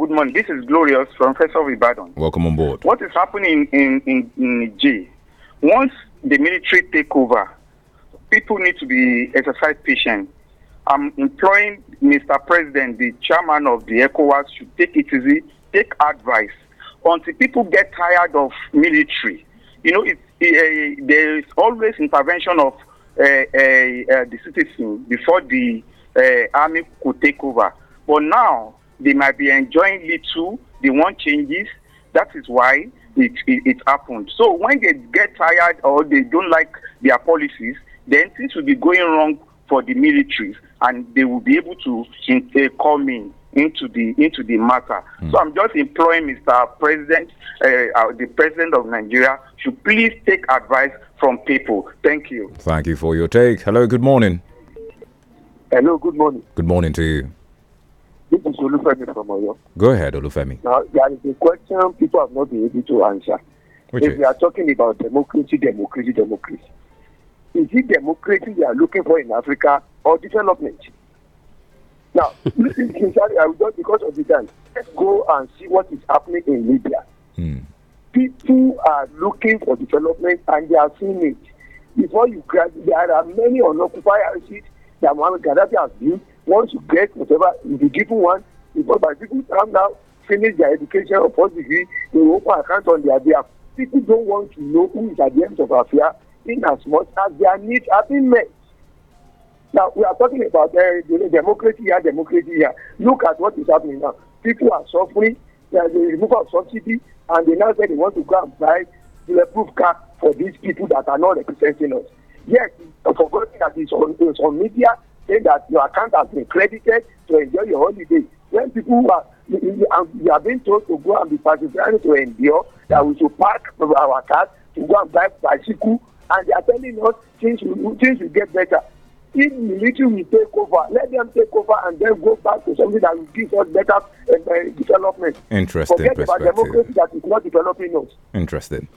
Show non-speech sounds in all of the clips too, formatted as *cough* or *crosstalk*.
good morning. This is Glorious from Festival of Ibadan. Welcome on board. What is happening in, in, in Niger? Once the military take over, people need to be exercise patient. I'm imploring Mr. President, the chairman of the ECOWAS, should take it easy, take advice. Until people get tired of military, you know, it, it, uh, there is always intervention of uh, uh, the citizen before the army could take over. But now, they might be enjoying little, they want changes. That is why it, it, it happened. So when they get tired or they don't like their policies, then things will be going wrong for the militaries and they will be able to in, uh, come in into the into the matter. Mm. So I'm just imploring Mr. President, uh, uh, the President of Nigeria, to please take advice from people. Thank you. Thank you for your take. Hello. Good morning. Hello. Good morning. Good morning to you. This is Olufemi from Oyo. Go ahead, Olufemi. Now, there is a question people have not been able to answer. Which if is? we are talking about democracy, democracy, democracy, is it democracy we are looking for in Africa or development? Now, *laughs* sincerely, I will just because of the time, let's go and see what is happening in Libya. Hmm. People are looking for development and they are seeing it. Before you grab, there are many unoccupied houses that Muammar Gaddafi has built once you get whatever you be given one because by people come now finish their education or first degree they will open account on their behalf people don't want to know who is at the end of affair in as much as their needs have been met now we are talking about uh, democracy here democracy here look at what is happening now people are suffering uh, there is a removal of subsidy and they now say they want to go and buy bulletproof car for these people that are not representing us yes for God that is on is on media saying that your account has been credited to enjoy your holiday when people who are you um, are being told to go and be participating to endure that we should park our cars to go and buy bicycle and they are telling us things will things will get better if military will take over let them take over and then go back to something that will give us better uh, uh development. interesting Forget perspective. about democracy that is not developing us. interesting.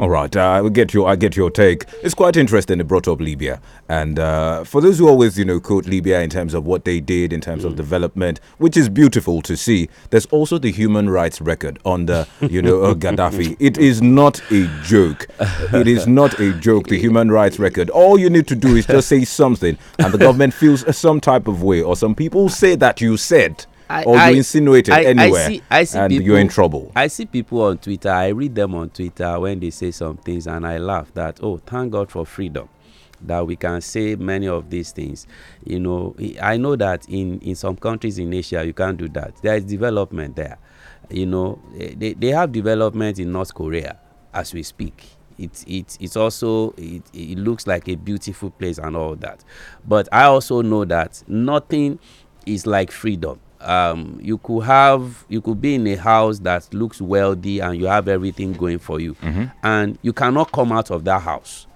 All right, uh, I get your I get your take. It's quite interesting. They brought up Libya, and uh, for those who always you know quote Libya in terms of what they did in terms mm. of development, which is beautiful to see. There's also the human rights record under you know *laughs* uh, Gaddafi. It is not a joke. It is not a joke. The human rights record. All you need to do is just say something, and the government feels some type of way, or some people say that you said. I, or I, you insinuate it I, anywhere, I see, I see and people, you're in trouble. I see people on Twitter. I read them on Twitter when they say some things, and I laugh that oh, thank God for freedom that we can say many of these things. You know, I know that in in some countries in Asia you can't do that. There is development there. You know, eh, they, they have development in North Korea as we speak. It, it, it's also it, it looks like a beautiful place and all that but i also know that nothing is like freedom um, you could have you could be in a house that looks wealthy and you have everything going for you mm-hmm. and you cannot come out of that house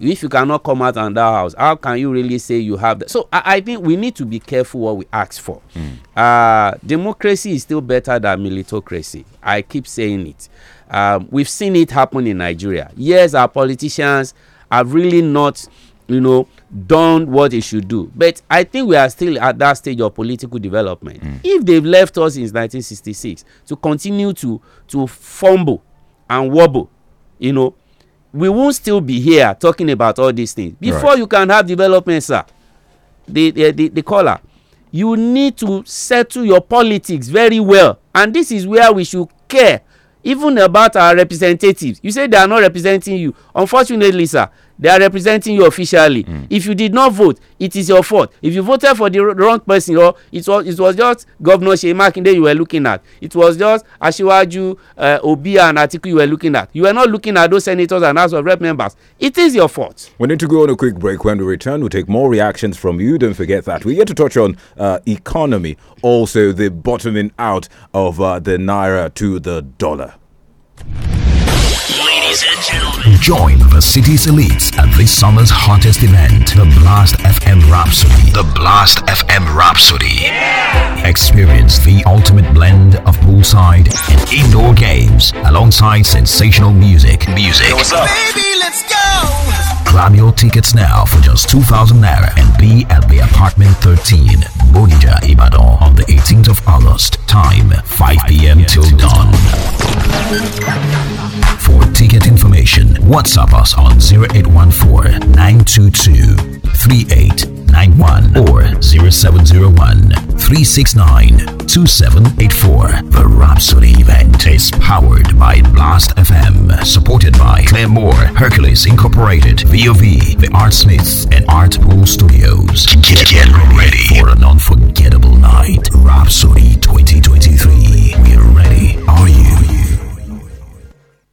if you cannot come out of that house how can you really say you have that so i, I think we need to be careful what we ask for mm. uh, democracy is still better than militocracy i keep saying it um, we've seen it happen in nigeria yes our politicians have really not you know done what it should do but i think we are still at that stage of political development mm. if they've left us since 1966 to continue to to fumble and wobble you know we won't still be here talking about all these things before right. you can have development sir the, the the, the caller you need to settle your politics very well and this is where we should care even about our representatives you say they are not representing you unfortunately sir they are representing you officially mm. if you did not vote it is your fault if you voted for the wrong person or it was it was just governor shey makinde you were looking at it was just asiwaju uh, obi and atiku you were looking at you were not looking at those senators and house of rep members it is your fault. we need to go on a quick break when we return we'll take more reactions from you don't forget that we get to touch on uh, economy also the bottoming out of uh, the naira to the dollar. ladies and gentlemen. Join the city's elites at this summer's hottest event, the Blast FM Rhapsody. The Blast FM Rhapsody. Yeah! Experience the ultimate blend of poolside and indoor games alongside sensational music. Music. Yo, what's up? Baby, let's go! Grab your tickets now for just 2,000 naira and be at the apartment 13, Bodija, Ibadan on the 18th of August. Time 5 p.m. till dawn. For ticket information, WhatsApp us on 0814 922 3891 or 0701 369 2784. The Rhapsody event is powered by Blast FM, supported by Claremore, Hercules Incorporated, VOV, The Art Smith, and Art Pool Studios. Get, get ready for an unforgettable night. Rhapsody 2023. We're ready. Are you?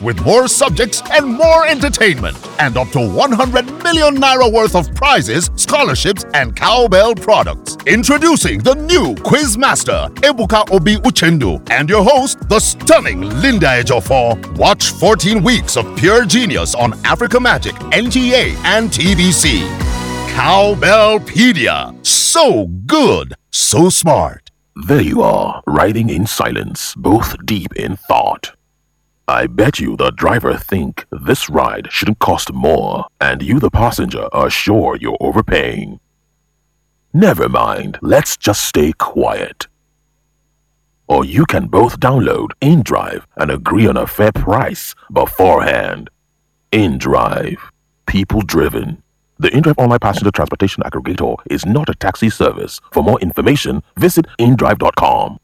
with more subjects and more entertainment, and up to 100 million naira worth of prizes, scholarships, and cowbell products. Introducing the new Quiz Master, Ebuka Obi Uchendu, and your host, the stunning Linda Ejofor. Watch 14 weeks of pure genius on Africa Magic, NTA, and TBC. Cowbellpedia. So good, so smart. There you are, riding in silence, both deep in thought. I bet you the driver think this ride shouldn't cost more, and you the passenger are sure you're overpaying. Never mind, let's just stay quiet. Or you can both download InDrive and agree on a fair price beforehand. InDrive. People driven. The InDrive Online Passenger Transportation Aggregator is not a taxi service. For more information, visit indrive.com.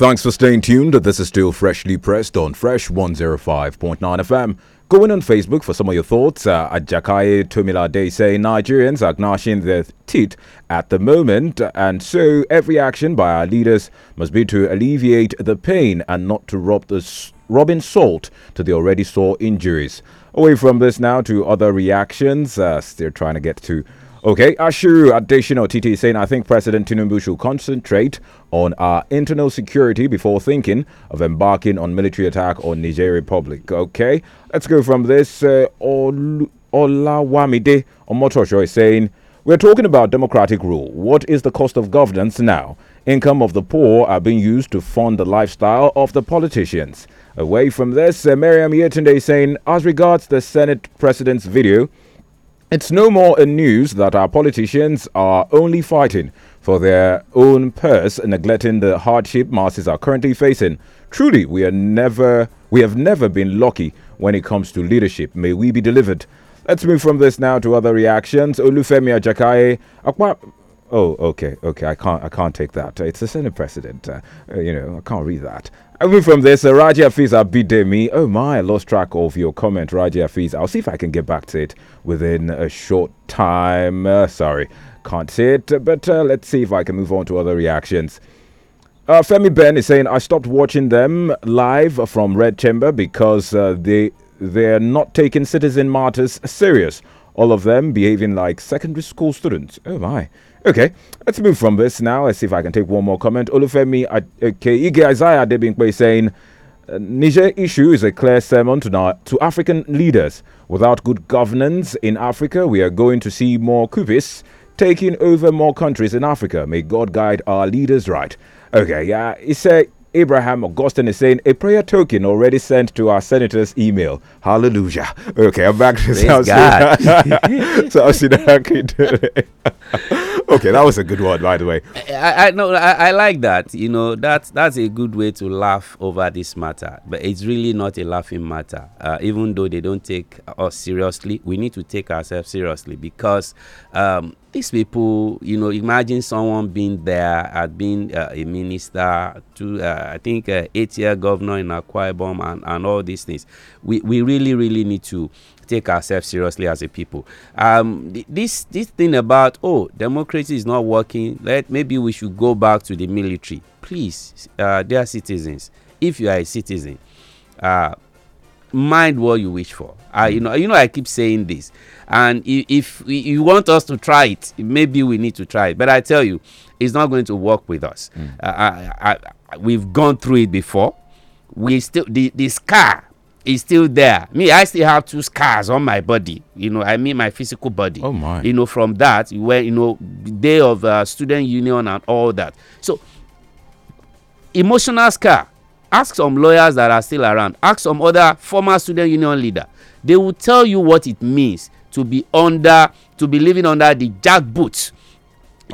Thanks for staying tuned. This is still freshly pressed on Fresh 105.9 FM. Go in on Facebook for some of your thoughts. Uh, at Jakaye Tomilade say Nigerians are gnashing their teeth at the moment, and so every action by our leaders must be to alleviate the pain and not to rob the robbing salt to the already sore injuries. Away from this now to other reactions. Uh, still trying to get to Okay, Ashiru additional TT saying, I think President Tinubu should concentrate on our internal security before thinking of embarking on military attack on Niger Republic. Okay, let's go from this. Uh, Ol- Olawamide Omotosho is saying, We're talking about democratic rule. What is the cost of governance now? Income of the poor are being used to fund the lifestyle of the politicians. Away from this, uh, Miriam Yetunde saying, As regards the Senate President's video, it's no more a news that our politicians are only fighting for their own purse, neglecting the hardship masses are currently facing. Truly, we are never we have never been lucky when it comes to leadership. May we be delivered. Let's move from this now to other reactions. Olufemi Ajakaye, Oh, okay, okay. I can't, I can't take that. It's a Senate precedent. Uh, you know, I can't read that. Away from this, uh, Raja Fiz Abidemi. Oh my, I lost track of your comment, Raja Fiz. I'll see if I can get back to it within a short time. Uh, sorry, can't see it, but uh, let's see if I can move on to other reactions. Uh, Femi Ben is saying, I stopped watching them live from Red Chamber because uh, they, they're not taking citizen martyrs serious. All of them behaving like secondary school students. Oh my. Okay, let's move from this now. Let's see if I can take one more comment. Olufemi okay, Ige Isaiah Debinkwe saying, uh, Niger issue is a clear sermon to, now, to African leaders. Without good governance in Africa, we are going to see more coupists taking over more countries in Africa. May God guide our leaders right. Okay, yeah, he said. Abraham Augustine is saying a prayer token already sent to our senator's email. Hallelujah. Okay, I'm back to South Sudan. *laughs* South Sudan. *laughs* okay, that was a good one, by the way. I, I I, I, like that. You know, that's that's a good way to laugh over this matter. But it's really not a laughing matter. Uh, even though they don't take us seriously, we need to take ourselves seriously because um, these people, you know, imagine someone being there, had uh, been uh, a minister, to uh, I think uh, eight-year governor in Akwa Ibom, and, and all these things. We we really really need to take ourselves seriously as a people. Um, th this this thing about oh democracy is not working. Let maybe we should go back to the military. Please, uh, dear citizens, if you are a citizen, uh, mind what you wish for. Uh, you know, you know, I keep saying this, and if, if you want us to try it, maybe we need to try it. But I tell you, it's not going to work with us. Mm. Uh, I, I, I, we've gone through it before. We still the the scar is still there me i still have two scars on my body you know i mean my physical body oh my you know from that where you know day of uh, student union and all that so emotional scar ask some lawyers that are still around ask some other former student union leader they will tell you what it means to be under to be living under the jackboot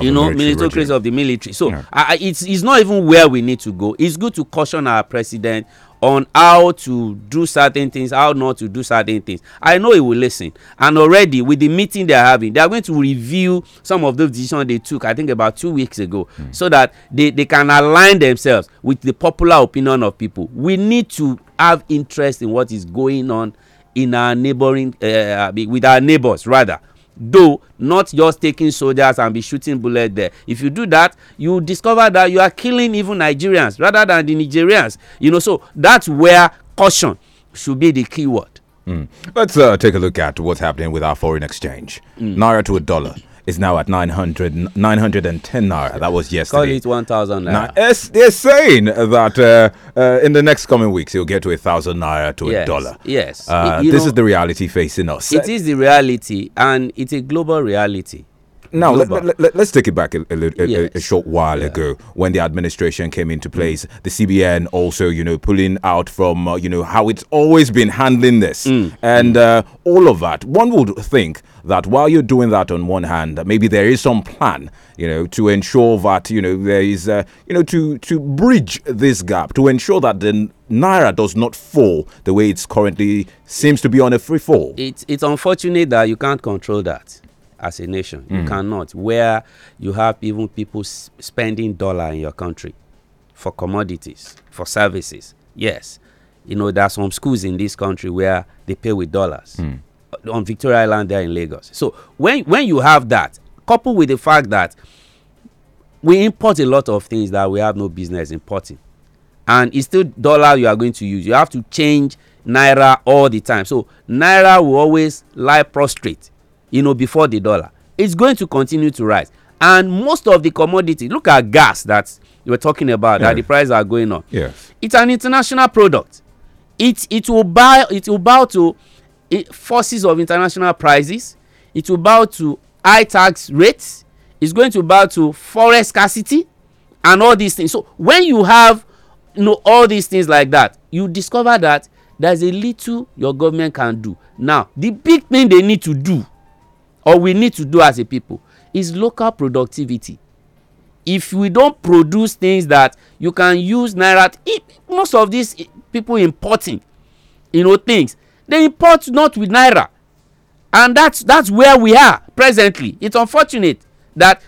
you know military of the military so yeah. uh, it's it's not even where we need to go it's good to caution our president on how to do certain things how not to do certain things i know he will listen and already with the meeting they are having they are going to review some of those decisions they took i think about two weeks ago mm. so that they they can align themselves with the popular opinion of people we need to have interest in what is going on in our neighboring uh, with our neighbors rather though not just taking soldiers and be shooting bullets there if you do that you discover that you are killing even nigerians rather than the nigerians you know so that's where caution should be the key word. Mm. let's uh, take a look at what's happening with our foreign exchange mm. naira to a dollar is now at 900, 910 naira. That was yesterday. Call it 1,000 naira. Now, yes, they're saying that uh, uh, in the next coming weeks, you'll get to a thousand naira to yes, a dollar. Yes. Uh, it, this know, is the reality facing us. It is the reality, and it's a global reality. Now, let, us let, take it back a, a, a, yes. a short while yeah. ago when the administration came into mm. place. Mm. The CBN also, you know, pulling out from, uh, you know, how it's always been handling this. Mm. And mm. Uh, all of that. One would think that while you're doing that on one hand, maybe there is some plan, you know, to ensure that, you know, there is, uh, you know, to, to bridge this gap, to ensure that the Naira does not fall the way it's currently seems to be on a free fall. It's, it's unfortunate that you can't control that as a nation. Mm. You cannot. Where you have even people spending dollar in your country for commodities, for services. Yes, you know there are some schools in this country where they pay with dollars. Mm on Victoria Island there in Lagos. So when when you have that, coupled with the fact that we import a lot of things that we have no business importing, and it's still dollar you are going to use. You have to change naira all the time. So naira will always lie prostrate, you know, before the dollar. It's going to continue to rise, and most of the commodity. Look at gas that you were talking about. Yeah. That the prices are going up. Yes, it's an international product. It it will buy it will bow to forces of international prices it will bow to high tax rates it's going to bow to forest scarcity and all these things so when you have you know all these things like that you discover that there's a little your government can do now the big thing they need to do or we need to do as a people is local productivity if we don't produce things that you can use naira most of these people importing you know things they import not with naira and that's that's where we are presently it's unfortunate that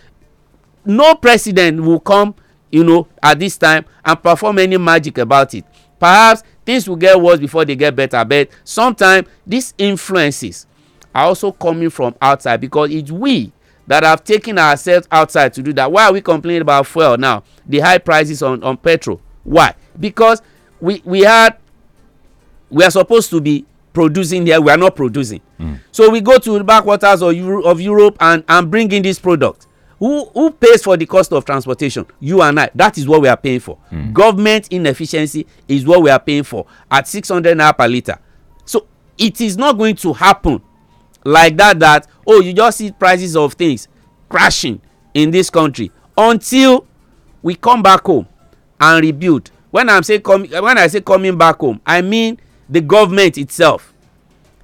no president will come you know at this time and perform any magic about it perhaps things will get worse before they get better but sometimes these influences are also coming from outside because it's we that have taken ourselves outside to do that why are we complaining about fuel now the high prices on on petrol why because we we had we are supposed to be producing here we are not producing. Mm. so we go to the backwaters of, Euro of europe and and bring in this product who who pays for the cost of transportation you and i that is what we are paying for. Mm. government inefficiency is what we are paying for at six hundred naira per litre so it is not going to happen like that that oh you just see prices of things crashing in this country until we come back home and rebuild when i'm say come when i say coming back home i mean the government itself,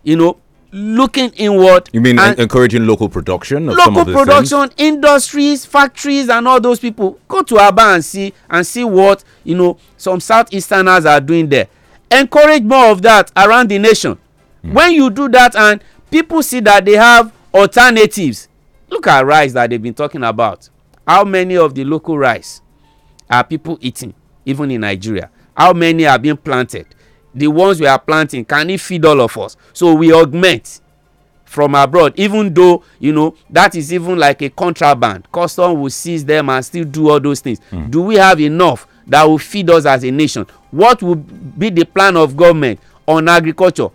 you know, looking inward. You mean encouraging local production? local production, things? industries, factories, and all those people. Go to Aba and see and see what you know some southeasterners are doing there. Encourage more of that around the nation. Mm. When you do that and people see that they have alternatives, look at rice that they've been talking about. How many of the local rice are people eating, even in Nigeria? How many are being planted? the ones we are planting can it feed all of us so we augment from abroad even though you know that is even like a contraband custom will seize them and still do all those things mm. do we have enough that will feed us as a nation what will be the plan of government on agriculture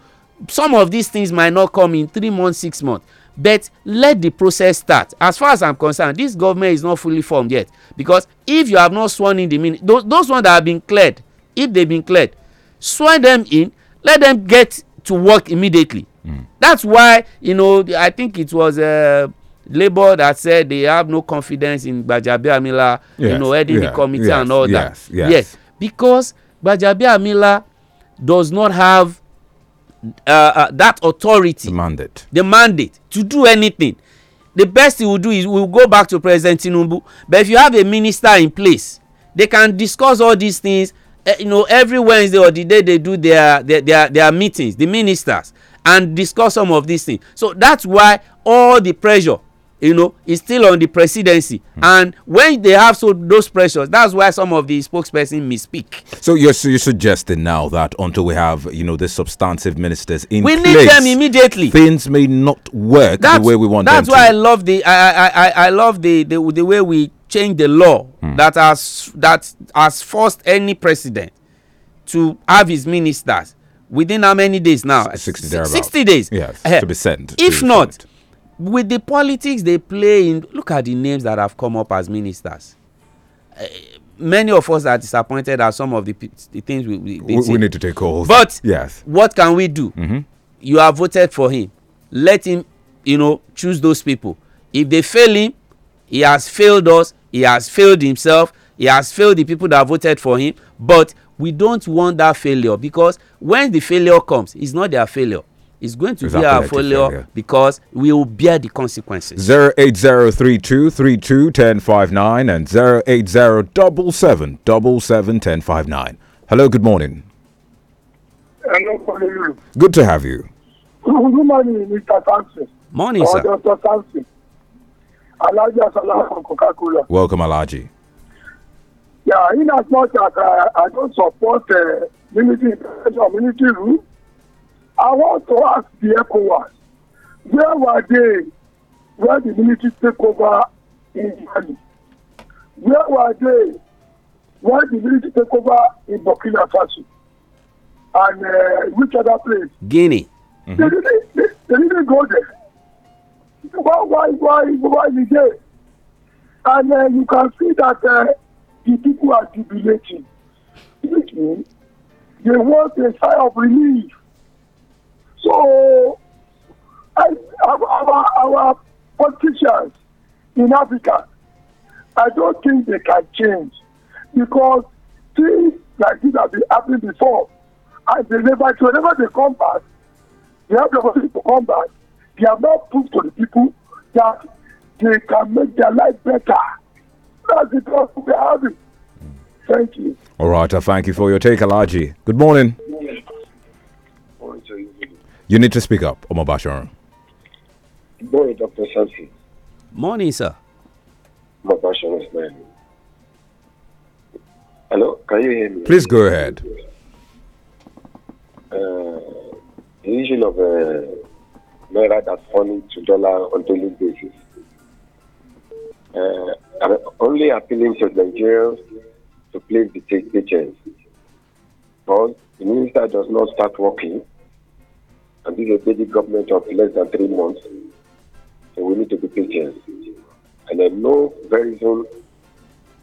some of these things might not come in three months six months but let the process start as far as i'm concerned this government is not fully formed yet because if you have not sworn in the minute those, those ones that have been cleared if they've been cleared Swear them in, let them get to work immediately. Mm. That's why, you know, I think it was uh, Labour that said they have no confidence in Gbajabi Amila, yes, you know, heading yeah, the committee yes, and all yes, that. Yes, yes. because Gbajabi Amila does not have uh, uh, that authority, the mandate. the mandate to do anything. The best he will do is we'll go back to President Tinubu. But if you have a minister in place, they can discuss all these things Eh, you know every wednesday or the day they do their their their, their meetings the ministers and discuss some of these things so that's why all the pressure you know is still on the presidency mm. and when they have so those pressures that's why some of the spokesperson misspeak. so you're, so you're suggesting now that until we have you know the substantive ministers in we place, need them immediately things may not work that's, the way we want that's why to. i love the I, I i i love the the, the way we change the law mm. that has that has forced any president to have his ministers within how many days now? S days. 60 days. Yes, uh, to eh, be sent. If be not, sent. with the politics they play in, look at the names that have come up as ministers. Uh, many of us are disappointed at some of the, the things we, we, we, we need to take hold. But yes, what can we do? Mm -hmm. You have voted for him. Let him, you know, choose those people. If they fail him, he has failed us he has failed himself he has failed the people that voted for him but we don't want that failure because when the failure comes it's not their failure it's going to exactly be our failure, failure, because we will bear the consequences. 08032321059 and 08077771059. Hello, good morning. Hello, Good to have you. Good morning, Mr. Sampson. Morning, sir. Dr. Alhaji Asala from Coca Cola. Welcome, Alaji. Yeah, in as much as I, I don't support uh, military intervention military rule, I want to ask the ECOWAS where were they when the military took over in Mali? Where were they when the military took over in Burkina Faso? And uh, which other place? Guinea. Mm -hmm. They, didn't, they, they didn't go there why, why, why, why is it? And uh, you can see that uh, the people are jubilating. They want a sigh of relief. So, I, our, our politicians in Africa, I don't think they can change because things like this have been happening before. And they never, whenever they come back, they have the opportunity to come back they have not proved to the people that they can make their life better. That's the problem we are having. Thank you. All right, thank you for your take, Alaji. Good morning. Good morning. You need to speak up, Omar Bashar. Good morning, Dr. Sansi. Morning, sir. Omar Bashar is my name. Hello, can you hear me? Please go ahead. Uh, the issue of uh, naira that's falling to dollar on daily basis. Uh, I'm only appealing to Nigerians to please the patience. Because the minister does not start working, and this is a steady government of less than three months, so we need to be patient. And I know very soon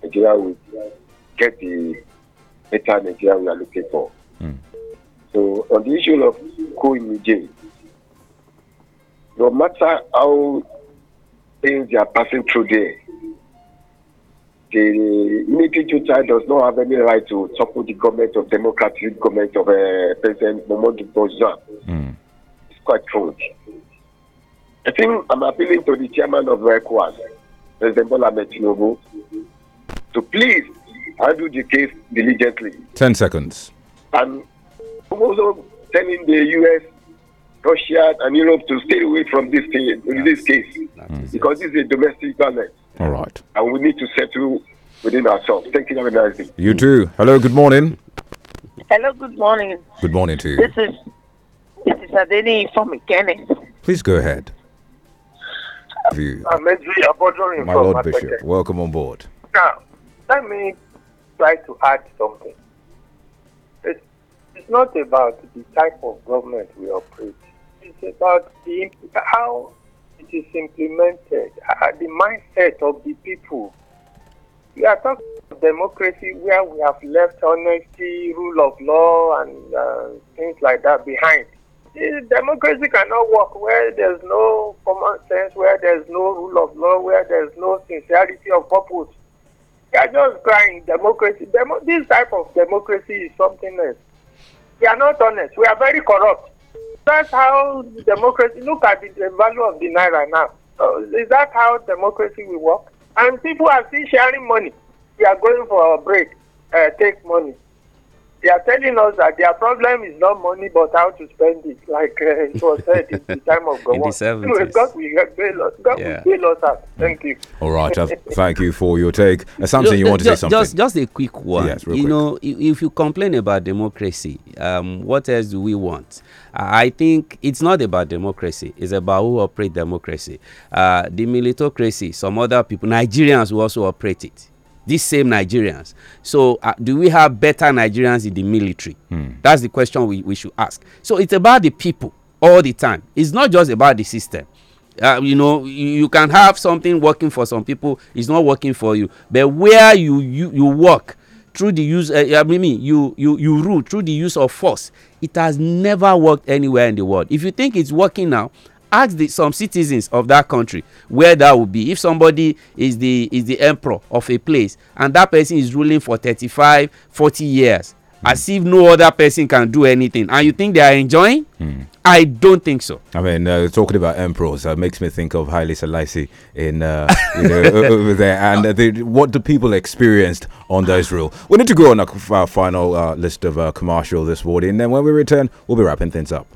Nigeria will get the better Nigeria we are looking for. Mm. So on the issue of co-imaging, no matter how things are passing through there, the military tutor does not have any right to support the government of democratic government of uh, President Momodu Bozan. Mm. It's quite true. I think I'm appealing to the chairman of ECOWAS, President Bola Metinobu, to please handle the case diligently. Ten seconds. And also telling the U.S. Russia and Europe to stay away from this thing, in this case, mm. because this is a domestic violence. All right. And we need to settle within ourselves. Thank you. Have a nice day. You too. Hello. Good morning. Hello. Good morning. Good morning to you. This is this is Adeni from Kenneth. Please go ahead. You. I'm My Lord Bishop, welcome on board. Now, let me try to add something. It's, it's not about the type of government we operate it is about the, how it is implemented, uh, the mindset of the people. We are talking about democracy where we have left honesty, rule of law, and uh, things like that behind. democracy cannot work where there's no common sense, where there's no rule of law, where there's no sincerity of purpose. They are just crying democracy. Demo- this type of democracy is something else. We are not honest. We are very corrupt. That's how democracy. Look at the, the value of the naira now. Uh, is that how democracy will work? And people are still sharing money. They are going for a break. Uh, take money. They are telling us that their problem is not money, but how to spend it. Like uh, it was said in the time of God. *laughs* God will God will bail us out. Thank you. All right. *laughs* thank you for your take. Uh, something you want to say something? Just, just a quick one. Yes, real you quick. know, if you complain about democracy, um, what else do we want? I think it's not about democracy. It's about who operate democracy. Uh, the militocracy, some other people, Nigerians who also operate it these same Nigerians. So, uh, do we have better Nigerians in the military? Mm. That's the question we, we should ask. So, it's about the people all the time. It's not just about the system. Uh, you know, you, you, can have something working for some people, it's not working for you. But where you, you, you work through the use, uh, I mean, you, you, you rule through the use of force, it has never worked anywhere in the world. If you think it's working now, ask the, some citizens of that country where that would be if somebody is the is the emperor of a place and that person is ruling for 35 40 years mm. as if no other person can do anything and you think they are enjoying mm. i don't think so i mean uh, talking about emperors uh, makes me think of haile selassie in uh, you know, *laughs* over there and what do people experienced on those rule we need to go on our final uh, list of uh, commercial this morning and then when we return we'll be wrapping things up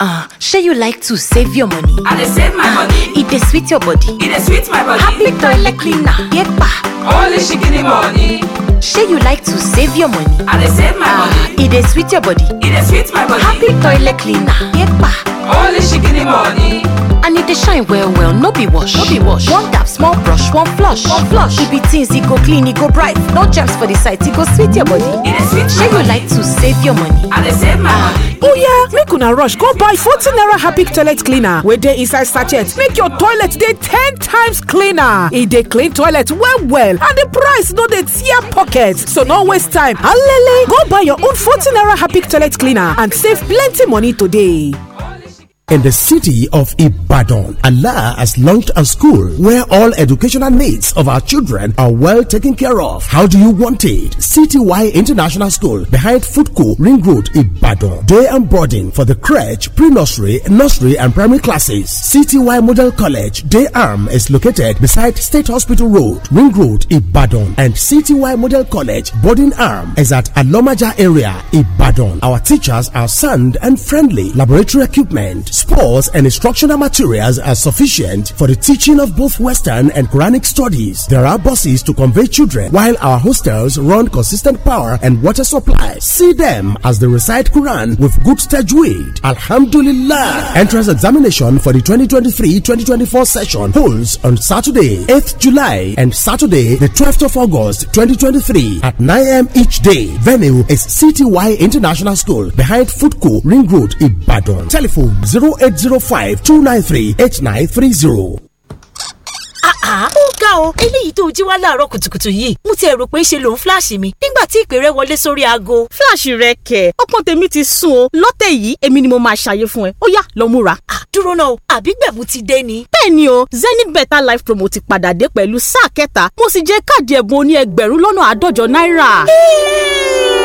Uh, ah, sure you like to save your money. I dey save my uh, money. It dey sweet your body. It dey sweet my body. Happy toilet cleaner. Yepa. Only shikini money. Sure you like to save your money. I dey save my uh, money. It dey sweet your body. It dey sweet my body. Happy toilet cleaner. Yepa. Only she give me money. And it dey shine well well, no be wash. No be wash. One dab, small brush, one flush. One flush. It be things, it go clean, it go bright. No germs for the sight. it go sweet your body. It is sweet. Shey you like to save your money? I dey save my money. Oh yeah, make una rush go buy 40 naira Happy toilet cleaner Where they inside sachet. Make your toilet day 10 times cleaner. E dey clean toilet well well and the price no dey tear pockets, So no waste time. Allele, go buy your own 40 naira Happy toilet cleaner and save plenty money today. In the city of Ibadan, Allah has launched a school where all educational needs of our children are well taken care of. How do you want it? Cty International School behind Footco Ring Road, Ibadan. Day and boarding for the crèche, pre-nursery, nursery and primary classes. Cty Model College Day Arm is located beside State Hospital Road, Ring Road, Ibadan. And Cty Model College Boarding Arm is at Alomaja area, Ibadan. Our teachers are sound and friendly. Laboratory equipment sports, and instructional materials are sufficient for the teaching of both Western and Quranic studies. There are buses to convey children, while our hostels run consistent power and water supply. See them as they recite Quran with good tajweed. Alhamdulillah. Entrance examination for the 2023-2024 session holds on Saturday, 8th July and Saturday, the 12th of August, 2023 at 9 a.m. each day. Venue is CTY International School behind Footco Ring Road, Ibadan. Telephone 0 zero eight zero five two nine three eight nine three zero àá ah, ah, ó ga ọ eléyìí tó jí wá láàárọ̀ kùtùkùtù yìí mo ti ẹ̀rù pé ṣe lòun fíláàṣì mi nígbà tí ìpè rẹ wọlé sórí aago. fíláàṣì rẹ kẹ ọpọ́n tèmi ti sùn o lọ́tẹ̀ yìí èmi ni mo máa ṣàyè fún ẹ ó yá lọ múra. Ah, dúró náà o àbí gbẹ̀bù ti dé ni. bẹ́ẹ̀ o zenith better life promo ti padà dé pẹ̀lú sáà kẹta mo sì jẹ káàdì ẹ̀bùn oní ẹgbẹ̀rún lọ́nà àádọ́jọ náírà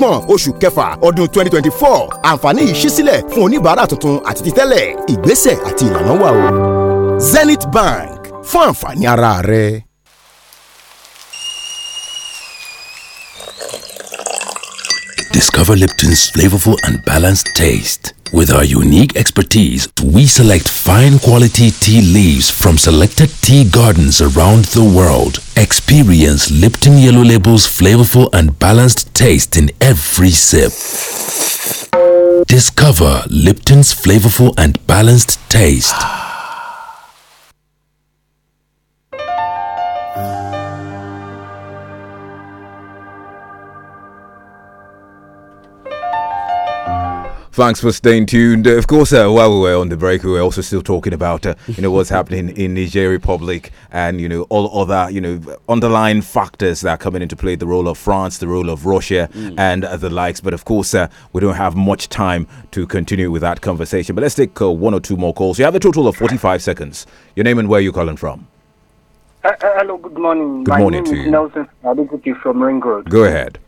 kọkànlélọ́gbọ̀n oṣù kẹfà ọdún twenty twenty four àǹfààní yìí ṣí sílẹ̀ fún oníbàárà tuntun àti ti ìgbésẹ̀ àti ìlànà wà o. Zenith Bank fún àǹfààní ara rẹ. Discover Lipton's flavorful and balanced taste. With our unique expertise, we select fine quality tea leaves from selected tea gardens around the world. Experience Lipton Yellow Label's flavorful and balanced taste in every sip. Discover Lipton's flavorful and balanced taste. Thanks for staying tuned. of course, uh, while we were on the break, we were also still talking about uh, you know what's happening in Niger Republic and you know all other you know underlying factors that are coming into play: the role of France, the role of Russia, mm. and the likes. But of course, uh, we don't have much time to continue with that conversation. But let's take uh, one or two more calls. You have a total of forty-five seconds. Your name and where you're calling from. Uh, hello. Good morning. Good My morning to you. Nelson I'm you from Ring Road. Go ahead.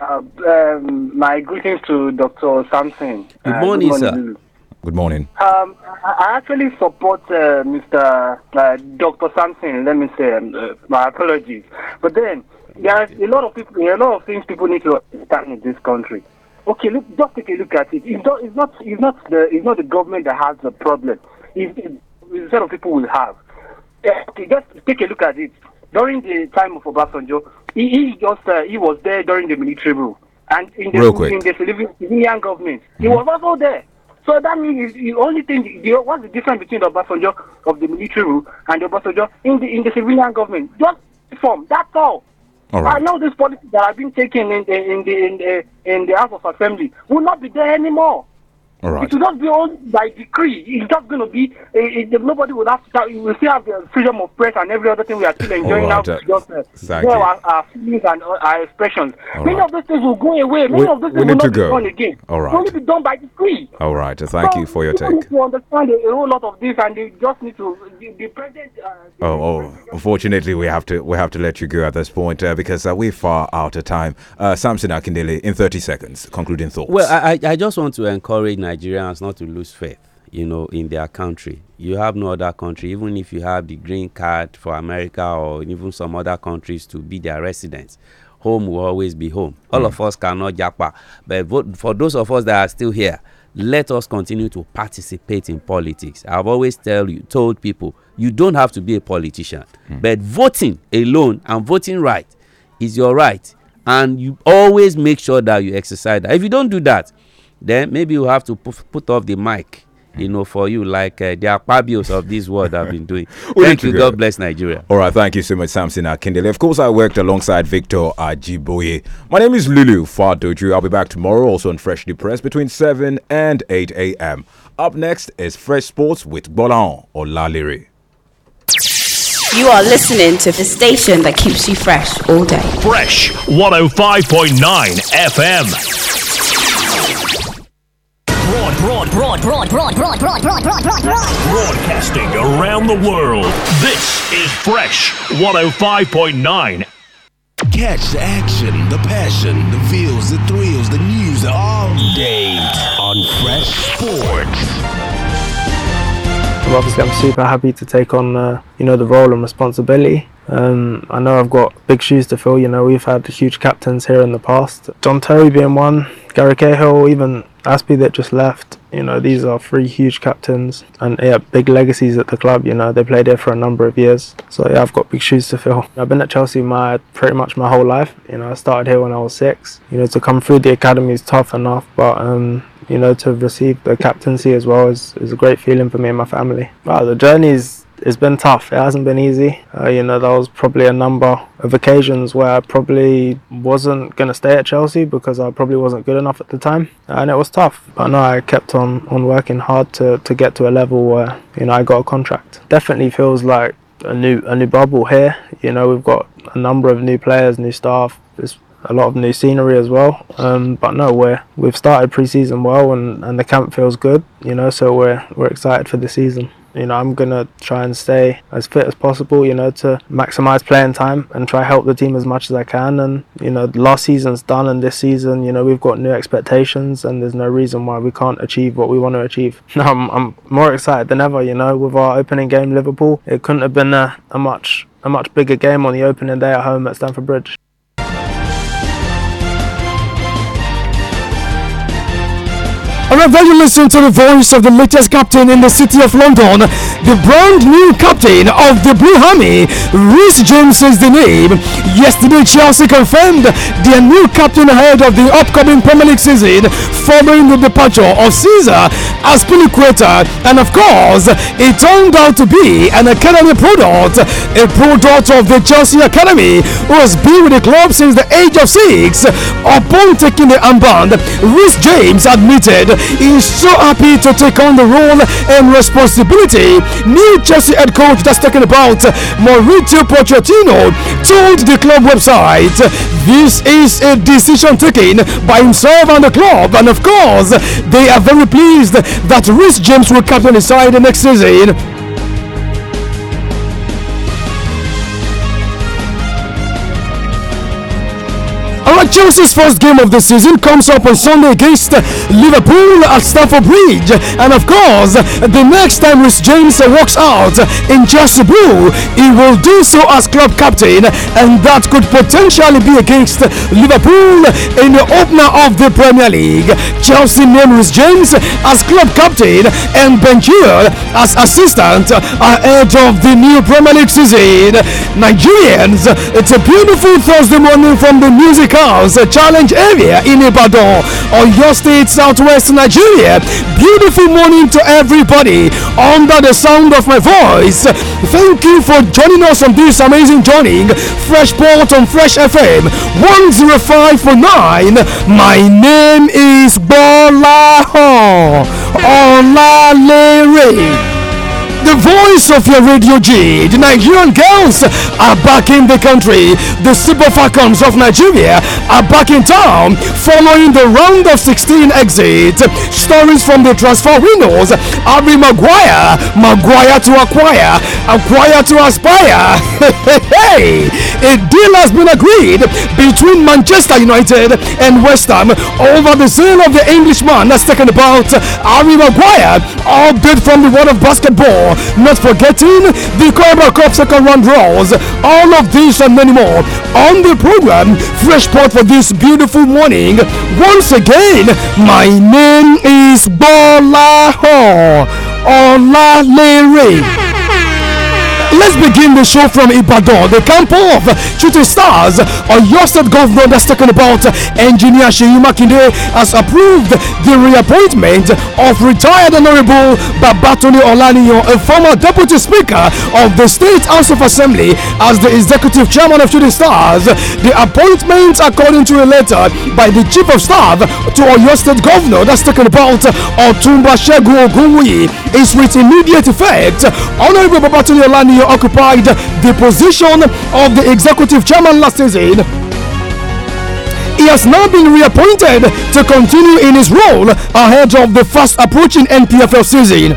Uh, um, my greetings to Dr. Samson. Good uh, morning, uh, good morning sir. Good morning. Um, I actually support uh, Mr. Uh, Dr. Samson. Let me say um, uh, my apologies. But then there are a lot of people, a lot of things people need to understand in this country. Okay, look, just take a look at it. It's not, it's not, it's not the, it's not the government that has the problem. It's, it's the set of people will have. Okay, just take a look at it. During the time of Obasanjo, he, just uh, he was there during the military rule and in the, Real in the civilian, government. Mm-hmm. He was also there. So that means the only thing, the, what's the difference between the Obasanjo of the military rule and the Obasanjo in the in the civilian government? Just form. That's all. all right. I know these policies that have been taken in the in the in the, in the House of Assembly will not be there anymore. It will not be owned by decree. It's not going to be, eh, eh, nobody will have to, we will still have the freedom of press and every other thing we are still enjoying right. now. Just uh, exactly. our, our, feelings and uh, our expressions. All Many right. of those things will go away. Many we, of those things will not be done again. All right. It will only be done by decree. All right. Uh, thank so you for your take. need to understand a, whole lot of this and they just need to, the, the president. Uh, oh, oh. unfortunately, we have to we have to let you go at this point uh, because we're far out of time. Samson Akindele, in 30 seconds, concluding thoughts. Well, I, I just want to encourage Nigeria Nigerians not to lose faith, you know, in their country. You have no other country, even if you have the green card for America or even some other countries to be their residents. Home will always be home. All mm. of us cannot japa, but vote, for those of us that are still here, let us continue to participate in politics. I've always tell you, told people, you don't have to be a politician, mm. but voting alone and voting right is your right, and you always make sure that you exercise that. If you don't do that, then maybe you have to put off the mic hmm. you know, for you, like uh, the Akpabios of this world have been doing. *laughs* thank you. God bless Nigeria. All right. Thank you so much, Samson Akindele. Of course, I worked alongside Victor Ajiboye. My name is Lulu Fadoju. I'll be back tomorrow, also on Freshly Pressed, between 7 and 8 a.m. Up next is Fresh Sports with Bolan Olaliri. You are listening to the station that keeps you fresh all day. Fresh 105.9 FM. Broad, broad, broad, broad, broad, broad, broad, broad, broad, broad, broad. Broadcasting around the world. This is Fresh 105.9. Catch the action, the passion, the feels, the thrills, the news all day on Fresh Sports. obviously I'm super happy to take on uh, you know the role and responsibility. Um, I know I've got big shoes to fill. You know we've had huge captains here in the past, John Terry being one, Gary Cahill, even Aspie that just left, you know, these are three huge captains and yeah, big legacies at the club, you know, they played there for a number of years. So yeah, I've got big shoes to fill. I've been at Chelsea my pretty much my whole life. You know, I started here when I was six. You know, to come through the academy is tough enough, but um, you know, to receive the captaincy as well is, is a great feeling for me and my family. Wow, the journey is it's been tough. It hasn't been easy. Uh, you know, there was probably a number of occasions where I probably wasn't going to stay at Chelsea because I probably wasn't good enough at the time, and it was tough. But no, I kept on on working hard to to get to a level where you know I got a contract. Definitely feels like a new a new bubble here. You know, we've got a number of new players, new staff. It's a lot of new scenery as well. Um, but no, we're we've started pre-season well, and, and the camp feels good. You know, so we're we're excited for the season. You know, I'm gonna try and stay as fit as possible. You know, to maximize playing time and try help the team as much as I can. And you know, last season's done, and this season, you know, we've got new expectations, and there's no reason why we can't achieve what we want to achieve. *laughs* I'm, I'm more excited than ever. You know, with our opening game, Liverpool, it couldn't have been a, a much a much bigger game on the opening day at home at Stamford Bridge. i there you listen to the voice of the latest captain in the city of London, the brand new captain of the Blue Army, Rhys James is the name. Yesterday, Chelsea confirmed their new captain ahead of the upcoming Premier League season following the departure of Caesar Aspilicueta. And of course, it turned out to be an academy product, a product of the Chelsea Academy, who has been with the club since the age of six. Upon taking the armband, Rhys James admitted He's so happy to take on the role and responsibility. New Chelsea head coach that's talking about Mauricio Pochettino told the club website this is a decision taken by himself and the club, and of course, they are very pleased that Rhys James will captain his side next season. Alright, Chelsea's first game of the season comes up on Sunday against Liverpool at Stamford Bridge. And of course, the next time Rhys James walks out in Chelsea Blue, he will do so as club captain, and that could potentially be against Liverpool in the opener of the Premier League. Chelsea named Rhys James as club captain and Ben Chilwell as assistant ahead of the new Premier League season. Nigerians, it's a beautiful Thursday morning from the music Girls Challenge area in Ibadan, your State, Southwest Nigeria. Beautiful morning to everybody under the sound of my voice. Thank you for joining us on this amazing journey. Fresh Port on Fresh FM 105.9. My name is Bola Ho Olalere the voice of your Radio G. The Nigerian girls are back in the country. The Super Falcons of Nigeria are back in town following the round of 16 exit. Stories from the transfer windows Harry Maguire, Maguire to acquire, acquire to aspire. *laughs* hey, a deal has been agreed between Manchester United and West Ham over the sale of the Englishman that's talk about Harry Maguire. All bid from the world of basketball. Not forgetting the Carabao Cup second round draws. All of these and many more on the program. Fresh pot for this beautiful morning. Once again, my name is Bola Ho Olalere. Let's begin the show from Ibadan, the camp of Shooting Stars. a your state governor that's talking about engineer Sheyi Makinde has approved the reappointment of retired Honorable Babatunde Olaniyo, a former deputy speaker of the State House of Assembly, as the executive chairman of Shooting Stars. The appointment, according to a letter by the chief of staff to your State governor that's talking about Otumba Shegun Ogunwuyi, is with immediate effect. Honorable Babatunde Olaniyo occupied the position of the executive chairman last season. He has now been reappointed to continue in his role ahead of the fast approaching NPFL season.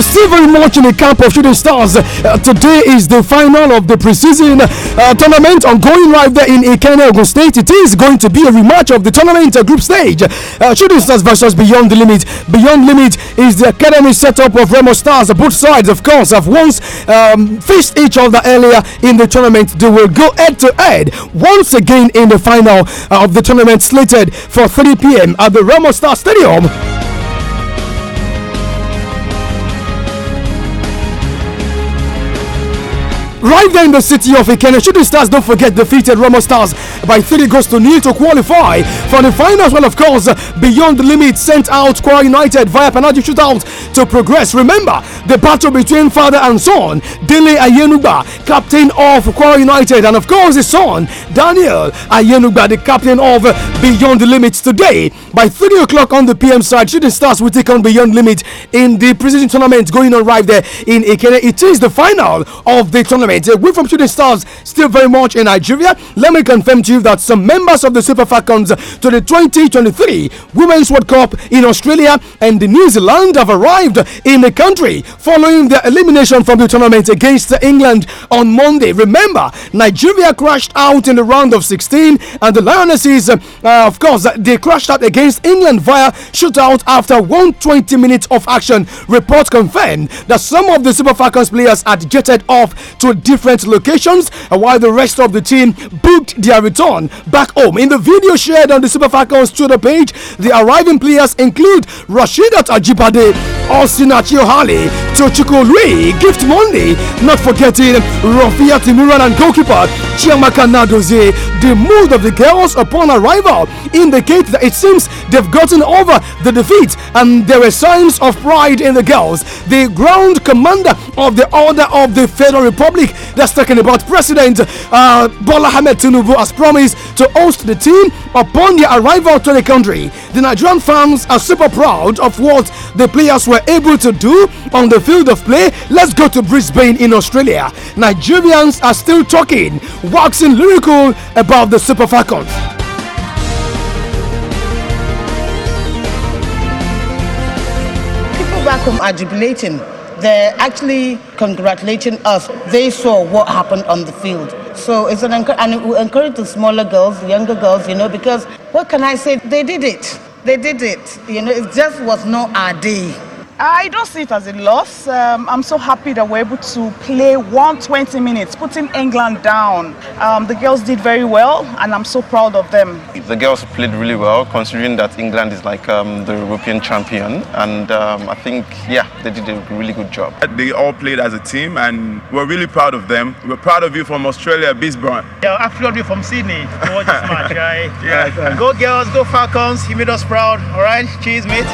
Still very much in the camp of shooting stars. Uh, today is the final of the preseason uh, tournament ongoing right there in Ikene, Ogun State. It is going to be a rematch of the tournament uh, group stage. Uh, shooting stars versus Beyond the Limit. Beyond Limit is the academy setup of Remo Stars. Both sides, of course, have once um, faced each other earlier in the tournament. They will go head to head once again in the final uh, of the tournament slated for 3 p.m. at the Remo Star Stadium. Right there in the city of Ikene, Shooting Stars, don't forget, defeated Roma Stars by three goals to nil to qualify for the finals. Well, of course, Beyond the Limit sent out Quora United via penalty shootout to progress. Remember the battle between father and son, Dele Ayenuba, captain of Quora United, and of course his son, Daniel Ayenuba, the captain of Beyond the Limits today. By 3 o'clock on the PM side, Shooting Stars will take on Beyond Limit in the precision tournament going on right there in Ikene. It is the final of the tournament summit, away from shooting stars still very much in Nigeria, let me confirm to you that some members of the Super Falcons to the 2023 Women's World Cup in Australia and New Zealand have arrived in the country following their elimination from the tournament against England on Monday. Remember, Nigeria crashed out in the round of 16, and the Lionesses, uh, of course, they crashed out against England via shootout after 120 minutes of action. Report confirmed that some of the Super Falcons players had jetted off to different locations, while the rest of the team booked their return back home. In the video shared on the Super Falcons Twitter page, the arriving players include Rashidat Ajibade, Osinachi Ohali, Tochiko Lui, Gift Monday, not forgetting Rafia Timuran and goalkeeper Chiamaka Nadoze. The mood of the girls upon arrival indicates that it seems they've gotten over the defeat and there were signs of pride in the girls. The ground commander of the Order of the Federal Republic week. That's talking about President uh, Bola Ahmed Tinubu has promised to host the team upon their arrival to the country. The Nigerian fans are super proud of what the players were able to do on the field of play. Let's go to Brisbane in Australia. Nigerians are still talking, waxing lyrical about the Super Falcons. People back home are jubilating they're actually congratulating us. They saw what happened on the field. So it's an encourage, and it will encourage the smaller girls, the younger girls, you know, because what can I say? They did it. They did it. You know, it just was not our day. I don't see it as a loss. Um, I'm so happy that we're able to play 120 minutes, putting England down. Um, the girls did very well, and I'm so proud of them. The girls played really well, considering that England is like um, the European champion, and um, I think, yeah, they did a really good job. They all played as a team, and we're really proud of them. We're proud of you from Australia, Brisbane. Yeah, I flew you from Sydney to *laughs* watch this match, right? yeah. Go girls, go Falcons. You made us proud. All right, cheers, mate.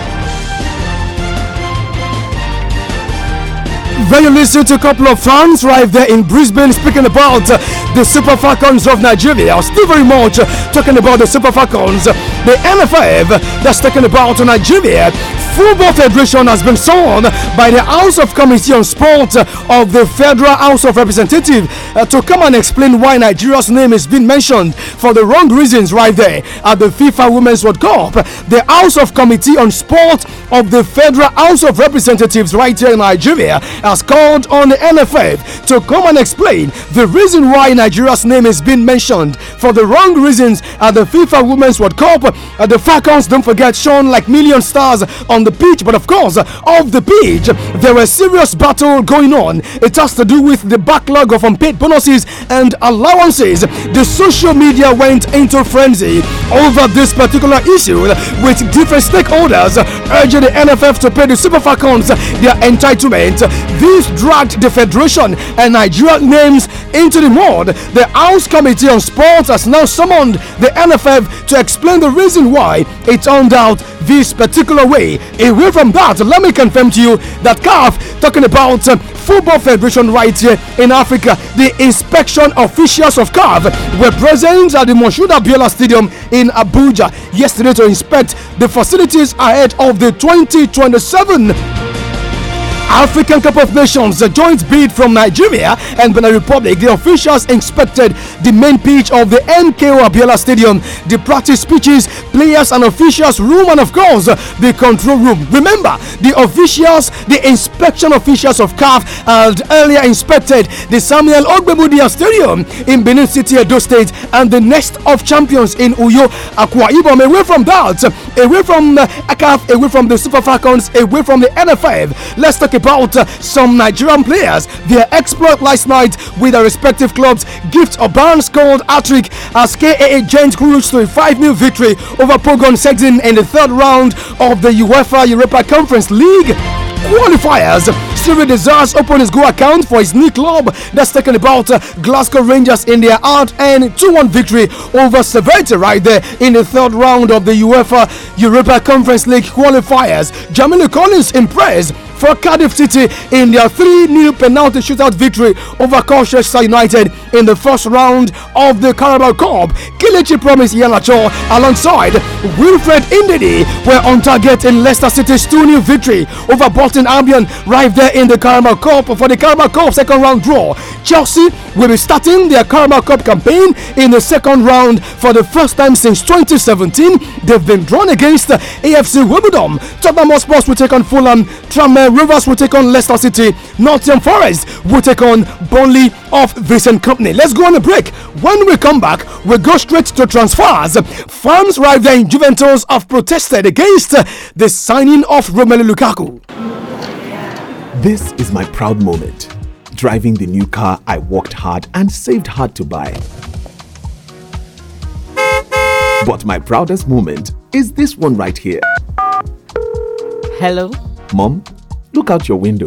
When you listen to a couple of fans right there in Brisbane speaking about uh, the Super Falcons of Nigeria. Still very much talking about the Super Falcons. The NFF that's talking about Nigeria Football Federation has been sworn by the House of Committee on Sport of the Federal House of Representatives uh, to come and explain why Nigeria's name is being mentioned for the wrong reasons right there at the FIFA Women's World Cup. The House of Committee on Sport of the Federal House of Representatives right here in Nigeria has called on the NFF to come and explain the reason why Nigeria Nigeria's name is being mentioned for the wrong reasons at the FIFA Women's World Cup. Uh, the Falcons, don't forget, shone like million stars on the pitch, but of course, off the pitch, there were serious battle going on. It has to do with the backlog of unpaid bonuses and allowances. The social media went into frenzy over this particular issue, with different stakeholders urging the NFF to pay the Super Falcons their entitlement. This dragged the federation and Nigerian names into the mud the House Committee on Sports has now summoned the NFF to explain the reason why it turned out this particular way. Away from that, let me confirm to you that CAF talking about uh, Football Federation right here in Africa. The inspection officials of CAF were present at the Moshuda Biola Stadium in Abuja yesterday to inspect the facilities ahead of the 2027 African Cup of Nations, a joint bid from Nigeria and Benin Republic. The officials inspected the main pitch of the NKO Abiola Stadium, the practice pitches, players and officials room, and of course, the control room. Remember, the officials, the inspection officials of CAF had earlier inspected the Samuel Ogbemudia Stadium in Benin City, Edo State, and the Nest of Champions in Uyo, Akwa Ibom. Away from that, away from uh, CAF, away from the Super Falcons, away from the NFF, let's talk about uh, some Nigerian players, their exploit last night with their respective clubs. Gift of scored called Atrick as KAA Giants cruised to a 5 0 victory over Pogon Szczecin in the third round of the UEFA Europa Conference League qualifiers. Steven Desires opened his Go account for his new club that's talking about uh, Glasgow Rangers in their out and 2 1 victory over Cervete right there in the third round of the UEFA Europa Conference League qualifiers. Jamila Collins impressed for Cardiff City in their 3 0 penalty shootout victory over Colchester United in the first round of the Carabao Cup. Kilichi Promise Yanacho alongside Wilfred Indidi were on target in Leicester City's 2 0 victory over Bolton. Ambion Albion right there in the Carabao Cup for the Carabao Cup second round draw. Chelsea will be starting their Carabao Cup campaign in the second round for the first time since 2017. They've been drawn against AFC Wimbledon. Tottenham Hotspur will take on Fulham. Tranmere Rovers will take on Leicester City. Nottingham Forest will take on Burnley of Vincent Company. Let's go on a break. When we come back, we go straight to transfers. Fans right there in Juventus have protested against the signing of Romelu Lukaku. This is my proud moment. Driving the new car I worked hard and saved hard to buy. But my proudest moment is this one right here. Hello? Mom, look out your window.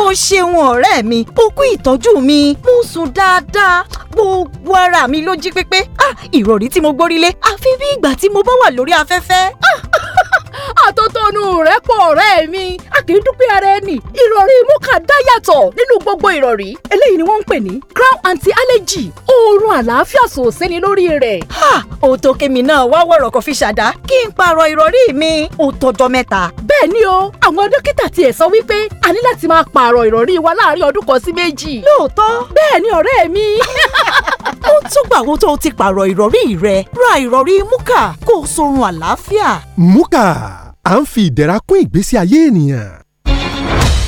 ó *laughs* ṣeun ọ̀rẹ́ mi ó kú ìtọ́jú mi mo sùn dáadáa gbogbo ara mi ló jí pépé ah, ìrọ̀rí tí mo gbórí lé àfi bí ìgbà tí mo bá wà lórí afẹ́fẹ́. Ah, àtótónu rẹ̀ pọ̀ ọ̀rẹ́ mi a kì í dúpẹ́ ara ẹni ìrọ̀rí múkà dá yàtọ̀ nínú gbogbo ìrọ̀rí eléyìí ni wọ́n ń pè ní crown anti allergy oorun àlàáfíà sò sẹ́ni lórí rẹ̀. ha òótọ́ kemi náà wá wọ̀rọ̀ kò fi ṣàdá kí n pààrọ̀ ìrọ̀rí mi ó tọjọ́ mẹ́ta. bẹ́ẹ̀ ni o àwọn dókítà tiẹ̀ sọ wípé a ní láti máa pààrọ̀ ìrọ̀rí wa láàárín ọdún kan sí méjì. lóòótọ́ bẹ́ẹ̀ ni ọ̀rẹ́ mi. *laughs* ó tún gbà wo tó o ti pààrọ̀ ìrọ̀rí rẹ ra ìrọ̀rí múkà kó o sorun àlàáfíà. múkà à ń fi ìdẹ̀ra kún ìgbésí ayé ènìyàn.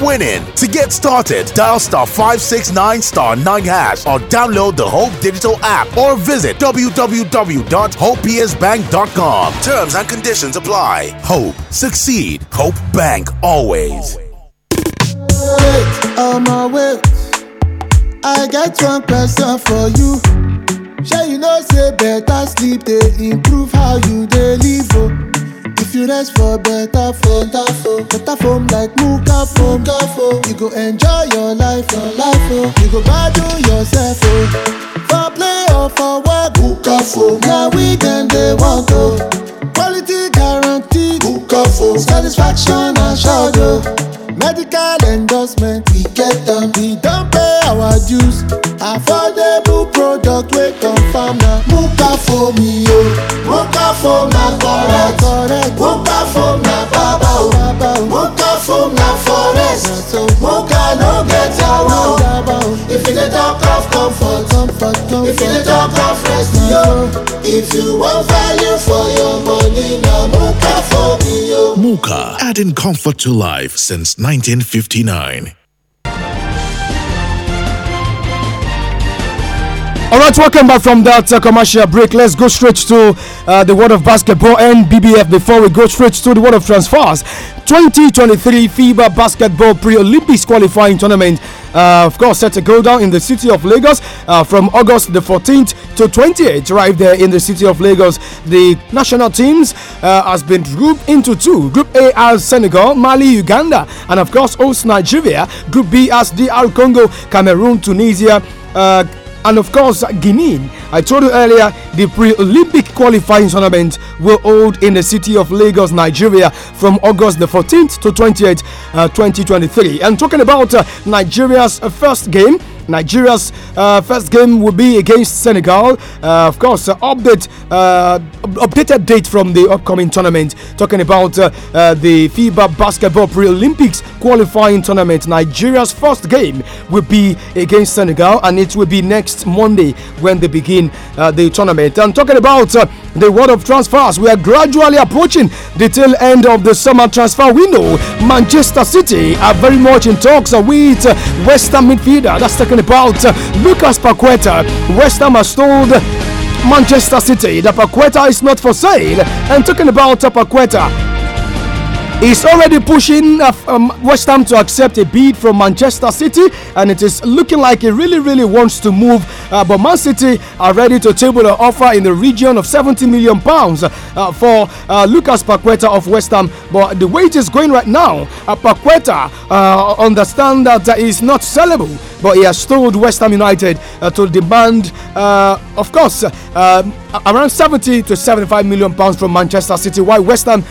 winning. To get started, dial star 569 star 9 hash or download the Hope Digital app or visit www.hopeisbank.com. Terms and conditions apply. Hope, succeed, Hope Bank always. Wait, on my way. I got one question for you. Sure, you know, say better sleep, they improve how you deliver. If you rest for better phone, better for better phone like Muka phone, You go enjoy your life, your life, oh. You go battle yourself, oh. For play or for work, Muka phone. Now we can they want to. Oh. handcuff o. Oh. satisfaction assured oh. medical endorsement we get them. we don't pay our dues. affordable product we confirm na. muka foam iyo oh. muka foam na correct. correct. muka for my baba o. baba o. muka foam na forest. Na muka no get yawo. if you dey talk of comfort. comfort, comfort. if you dey talk of rest yo. if you want value for your money na muka foam. adding comfort to life since 1959. All right, welcome back from that uh, commercial break. Let's go straight to uh, the world of basketball and BBF before we go straight to the world of transfers. 2023 FIBA Basketball Pre Olympics qualifying tournament uh, of course, set to go down in the city of Lagos uh, from August the 14th to 28th. Right there in the city of Lagos, the national teams uh, has been grouped into two. Group A as Senegal, Mali, Uganda, and of course hosts Nigeria. Group B the DR Congo, Cameroon, Tunisia. Uh, and of course Guinea. I told you earlier the pre-Olympic qualifying tournament will hold in the city of Lagos, Nigeria from August the 14th to 28th, uh, 2023. And talking about uh, Nigeria's uh, first game Nigeria's uh, first game will be against Senegal. Uh, of course, uh, update uh, updated date from the upcoming tournament. Talking about uh, uh, the FIBA Basketball Pre-Olympics qualifying tournament, Nigeria's first game will be against Senegal, and it will be next Monday when they begin the tournament. And talking about the world of transfers. We are gradually approaching the tail end of the summer transfer window. Manchester City are very much in talks with Western midfielder. That's talking about Lucas Paqueta. West Ham has told Manchester City that Paqueta is not for sale. And talking about Paqueta, is already pushing uh, um, West Ham to accept a bid from Manchester City, and it is looking like he really, really wants to move. Uh, but Man City are ready to table an offer in the region of 70 million pounds uh, for uh, Lucas Paqueta of West Ham. But the way it is going right now, uh, Paqueta uh, understand that uh, he's not sellable but he has told West Ham United uh, to demand, uh, of course, uh, around 70 to 75 million pounds from Manchester City, while West Ham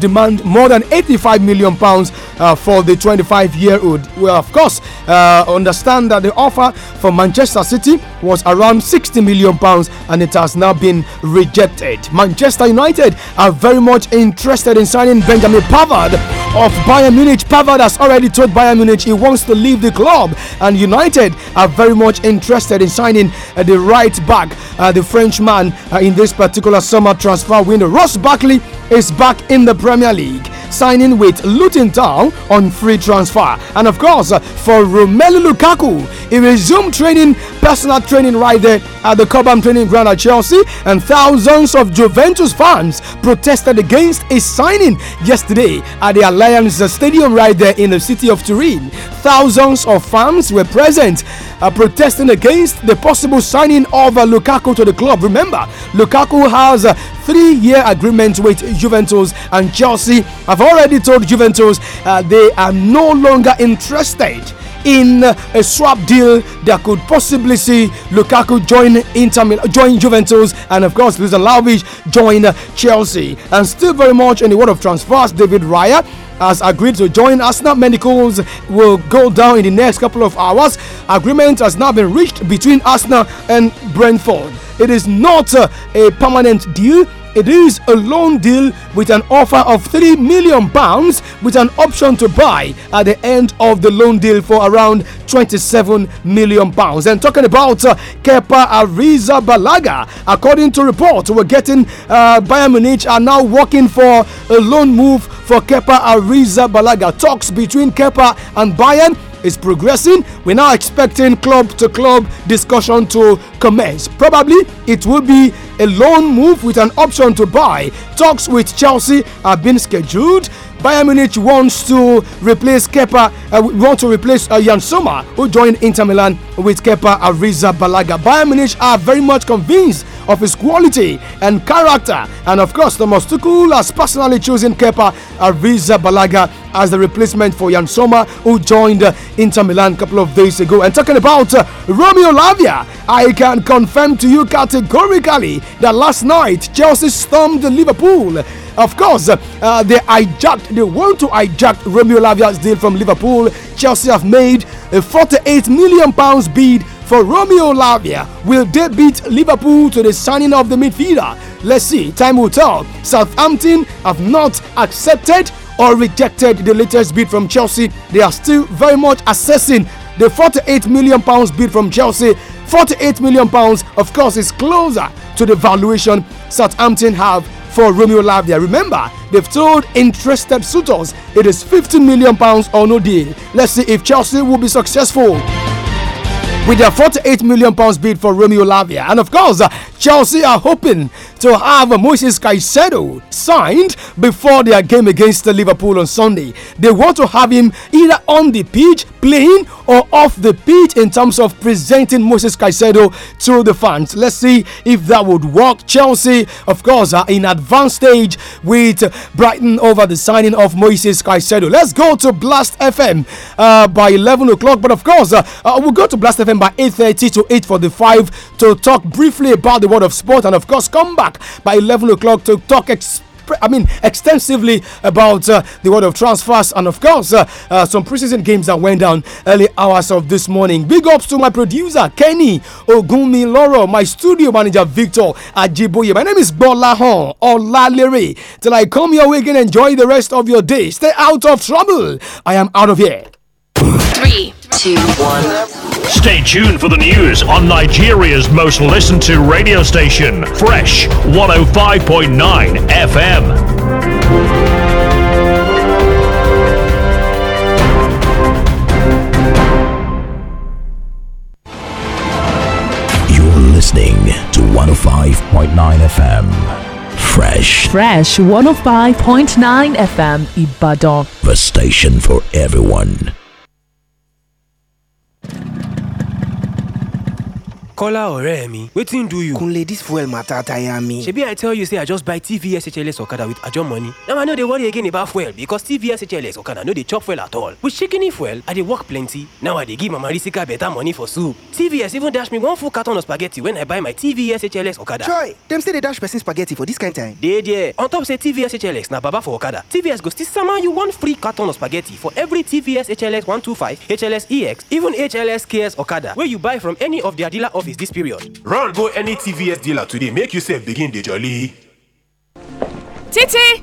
demand more than 85 million pounds for the 25 year old. Well, of course, understand that the offer from Manchester City was around 60 million pounds and it has now been rejected. Manchester United are very much interested in signing Benjamin Pavard of Bayern Munich. Pavard has already told Bayern Munich he wants to leave the club and you United are very much interested in signing uh, the right back, uh, the Frenchman, uh, in this particular summer transfer window. Ross Barkley is back in the Premier League signing with Luton Town on free transfer. And of course, uh, for Romelu Lukaku, he resumed training, personal training right there at the Cobham training ground at Chelsea. And thousands of Juventus fans protested against his signing yesterday at the Alliance Stadium right there in the city of Turin. Thousands of fans were present uh, protesting against the possible signing of uh, Lukaku to the club. Remember, Lukaku has a uh, three year agreement with Juventus, and Chelsea have already told Juventus uh, they are no longer interested in uh, a swap deal that could possibly see Lukaku join Inter join Juventus, and of course Luis Lavish join Chelsea. And still very much in the world of transfers, David Raya has agreed to join Arsenal Medicals will go down in the next couple of hours. Agreement has now been reached between Arsenal and Brentford. It is not uh, a permanent deal it is a loan deal with an offer of 3 million pounds with an option to buy at the end of the loan deal for around 27 million pounds. And talking about uh, Kepa Ariza Balaga, according to reports, we're getting uh, Bayern Munich are now working for a loan move for Kepa Ariza Balaga. Talks between Kepa and Bayern is progressing. We're now expecting club to club discussion to commence. Probably it will be a loan move with an option to buy. Talks with Chelsea have been scheduled. Bayern Munich wants to replace Kepa, uh, want to replace uh, Jan Sommer, who joined Inter Milan with Kepa Ariza Balaga. Bayern Munich are very much convinced of his quality and character. And of course, the cool has personally chosen Kepa Ariza Balaga as the replacement for Jan Soma, who joined uh, Inter Milan a couple of days ago. And talking about uh, Romeo Lavia, I can confirm to you categorically that last night Chelsea stormed Liverpool. Of course, uh, they hijacked, they want to hijack Romeo Lavia's deal from Liverpool. Chelsea have made a 48 million pounds bid for Romeo Lavia. Will they beat Liverpool to the signing of the midfielder? Let's see, time will tell. Southampton have not accepted or rejected the latest bid from Chelsea. They are still very much assessing the 48 million pounds bid from Chelsea. 48 million pounds, of course, is closer to the valuation Southampton have for Romeo Lavia. Remember, they've told interested suitors it is 15 million pounds or no deal. Let's see if Chelsea will be successful with their 48 million pounds bid for Romeo Lavia. And of course, uh, Chelsea are hoping to have Moises Caicedo signed before their game against Liverpool on Sunday. They want to have him either on the pitch playing or off the pitch in terms of presenting Moises Caicedo to the fans. Let's see if that would work. Chelsea, of course, are in advanced stage with Brighton over the signing of Moises Caicedo. Let's go to Blast FM uh, by 11 o'clock. But of course, uh, uh, we'll go to Blast FM by 8.30 to 8.45 to talk briefly about the world of sport and of course come back by 11 o'clock to talk I mean, extensively about uh, the world of transfers and, of course, uh, uh, some preseason games that went down early hours of this morning. Big ups to my producer, Kenny Ogumi Loro, my studio manager, Victor Ajiboye. My name is Bolahon Olalere. Till I come your way again, enjoy the rest of your day. Stay out of trouble. I am out of here. Three, two, one. Stay tuned for the news on Nigeria's most listened to radio station, Fresh 105.9 FM. listening to 105.9 FM. Fresh. Fresh 105.9 FM Ibadan. The station for everyone. Thank you. Kola ọ̀rẹ́ mi, wetin do you? Kunle dis fuel matter tire me. Shebi I tell you say I just buy TVS HLS Okada with Ajo money. Now I no dey worry again about fuel because TVS HLS Okada no dey chop fuel at all. With shikini fuel, I dey work plenty. Now I dey give Mama Risika better money for soup. TVS even dash me one full carton of spaghetti when I buy my TVS HLS Okada. Choi, dem say dey dash person spaghetti for dis kind time. Dey there. On top say TVS HLS na baba for Okada. TVS go still sama you one free carton of spaghetti for every TVS HLS 125, HLS EX, even HLS KS Okada wey you buy from any of their dealer offices. this period. Run go any TVS dealer today, make yourself begin the jolly. Titi!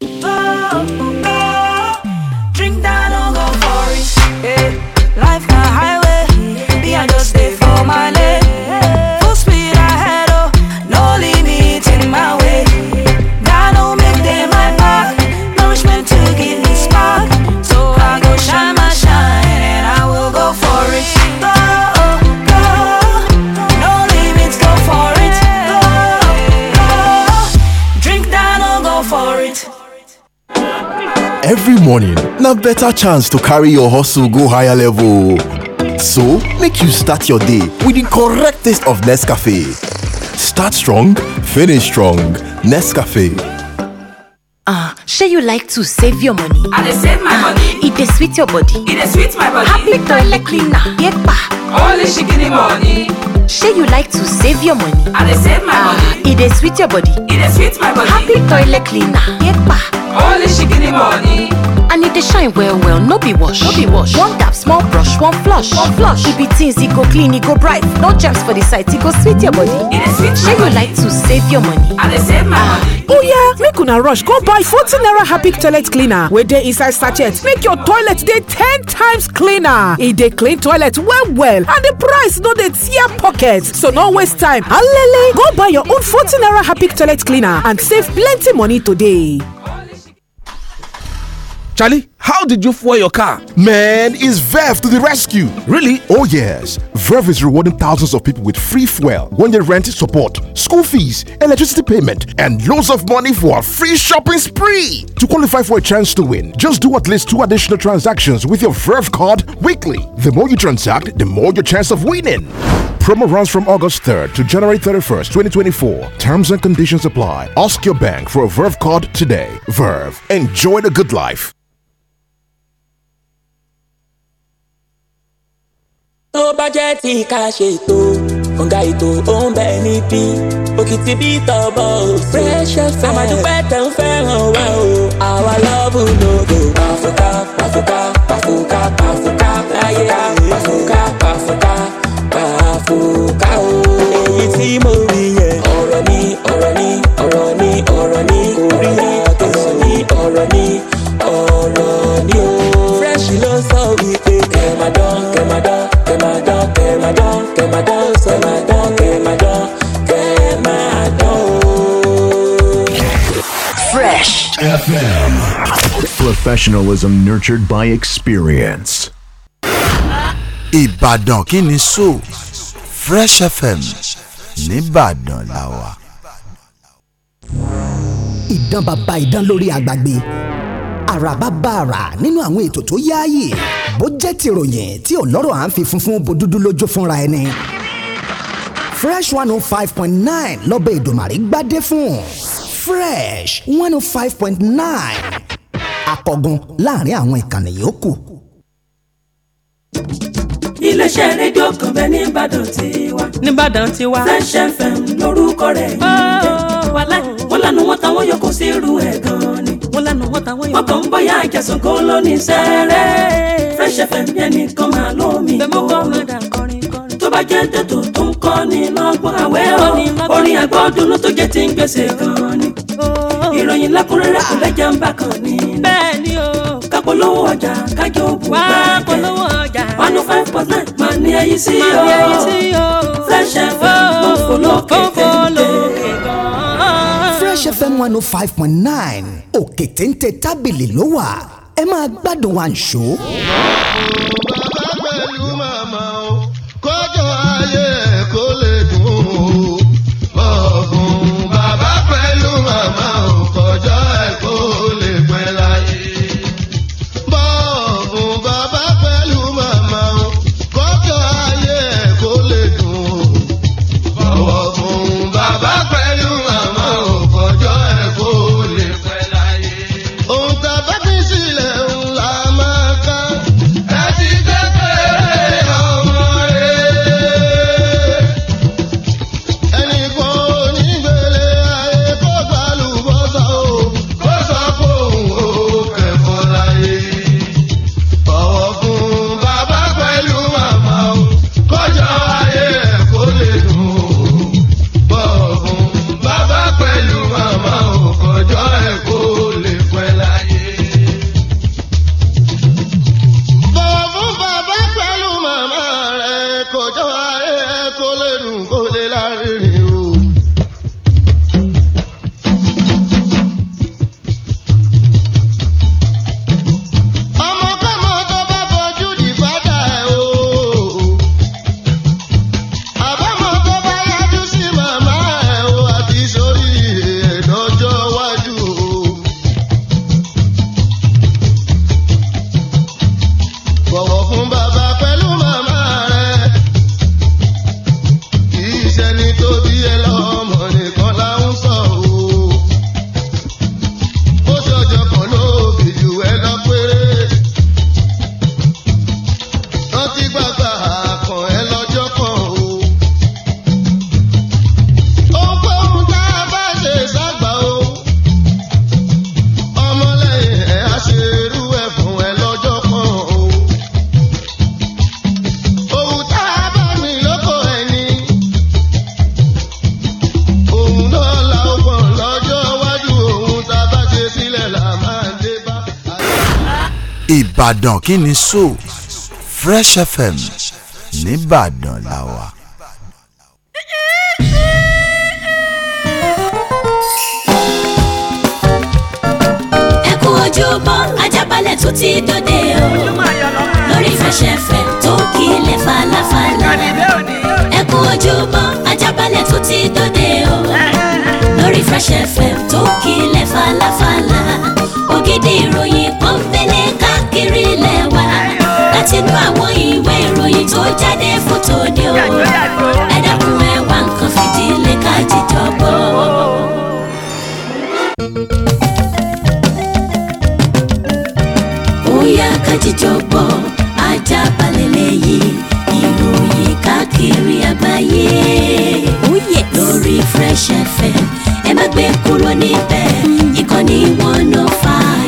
Drink that on the forest. Yeah. life's a highway. Be on every morning na better chance to carry your hustle go higher level so make you start your day with the correct taste of nescafe start strong finish strong nescafe ah shey you like to save your money i dey save my money It dey sweet your body It dey sweet my body happy toilet cleaner yepa only shikini money Say you like to save your money i dey save my ah, money It e dey sweet your body It e dey sweet my body happy toilet cleaner yepa only the money and e dey shine well well no be wash no be wash one dab small brush one flush one flush e be things e go clean e go bright no germs for the site e go sweet your body shey you like to save your money i dey save my money oya oh, make una rush go buy 40 naira happy toilet cleaner wey dey inside sachet make your toilet dey ten times cleaner e dey clean toilet well well and the price no dey tear pocket so no waste time alele go buy your own 40 naira happy toilet cleaner and save plenty money today. Charlie, how did you fuel your car? Man, it's Verve to the rescue. Really? Oh, yes. Verve is rewarding thousands of people with free fuel when they rent support, school fees, electricity payment, and loads of money for a free shopping spree. To qualify for a chance to win, just do at least two additional transactions with your Verve card weekly. The more you transact, the more your chance of winning. Promo runs from August 3rd to January 31st, 2024. Terms and conditions apply. Ask your bank for a Verve card today. Verve, enjoy the good life. tó bá jẹ́ tí ká ṣètò ọ̀gá ètò ó ń bẹ níbí òkìtì bí tọ́bọ̀ ò Fresh FM àmàdúpẹ́ tẹ̀ ń fẹ́ràn wá o àwa lọ́bù lòdò. pàfùkà pàfùkà pàfùkà pàfùkà láyé pàfùkà pàfùkà pàfùkà o. èyí tí mo rí yẹn. ọ̀rọ̀ ni ọ̀rọ̀ ni ọ̀rọ̀ ni ọ̀rọ̀ ni kò rí ọ̀rọ̀ ni ọ̀rọ̀ ni ọ̀rọ̀ ni o. Fresh ló sọ wípé kẹ̀mádán kẹ̀mádán. Fresh FM. Professionalism nurtured by experience. Ìbàdàn kí ni so Fresh FM nìbàdàn làwà. Ìdán bàbá ìdán lórí àgbàgbé àrà nínú àwọn ètò tó yáàyè bó jẹ́ tìròyìn tí ò à ń fi funfun bo dúdú lójú fúnra ẹni fresh one oh five point nine lọ́bẹ̀ ìdòmàrí gbádé fún fresh one oh five point nine akọgun láàrin àwọn ìkànnì yòókù. iléeṣẹ́ rédíò kan bẹ́ẹ̀ ní Ìbàdàn tiwa. ní Ìbàdàn tiwa. Fresh FM lórúkọ rẹ̀ ń oh. jẹ́. wọ́n lánàá wọn táwọn yòókù sí irú ẹ̀ gan-an ni ó lẹ́nu wọ́ta wọ́yọ̀. ọkọ̀ ń bọ́yá ìjẹ̀sùn kó ló ní sẹ́rẹ́ Fresh FM yẹn nìkan máa ló mi kó tó bá jẹ́ tètò tó ń kọ́ ni lọ́gbọ́n àwẹ́ o orin àgbọ̀dúnú tó jẹ́ ti ń gbèsè gan ni oh. ìròyìn lẹ́kùnrẹ́rẹ́ kò lẹ́jẹ̀ ń bà kan ni. bẹ́ẹ̀ni o. ká polówó ọjà kájọ òbú bá jẹ wá polówó ọjà one oh five point nine máa ní ẹyí sí o Fresh FM ló ń fò lókè tẹ̀lé. FM one oh five point nine òkè téńté tábìlì ló wà ẹ máa gbádùn àǹṣó. ìbàdàn kí ni so fresh fm nìbàdàn la wà. ẹ kú ojúmọ́ ajábalẹ̀ ti dòde o lórí fresh fm tó kílẹ̀ falafala ẹ kú ojúmọ́ ajábalẹ̀ ti dòde o lórí fresh fm tó kílẹ̀ falafala ògidì ìròyìn kan fẹ́. Kiri ilẹ̀ wa látinú àwọn ìwé ìròyìn tó jáde fún tòde o ẹ dákun ẹ wá nǹkan fìdílé ká jíjọ gbọ́. bóyá ká jíjọ gbọ́ ajá balẹ̀ lẹ́yìn ìròyìn káàkiri àgbáyé oh lórí Fresh FM ẹ má gbé kúrò níbẹ̀ ìkànnì one oh five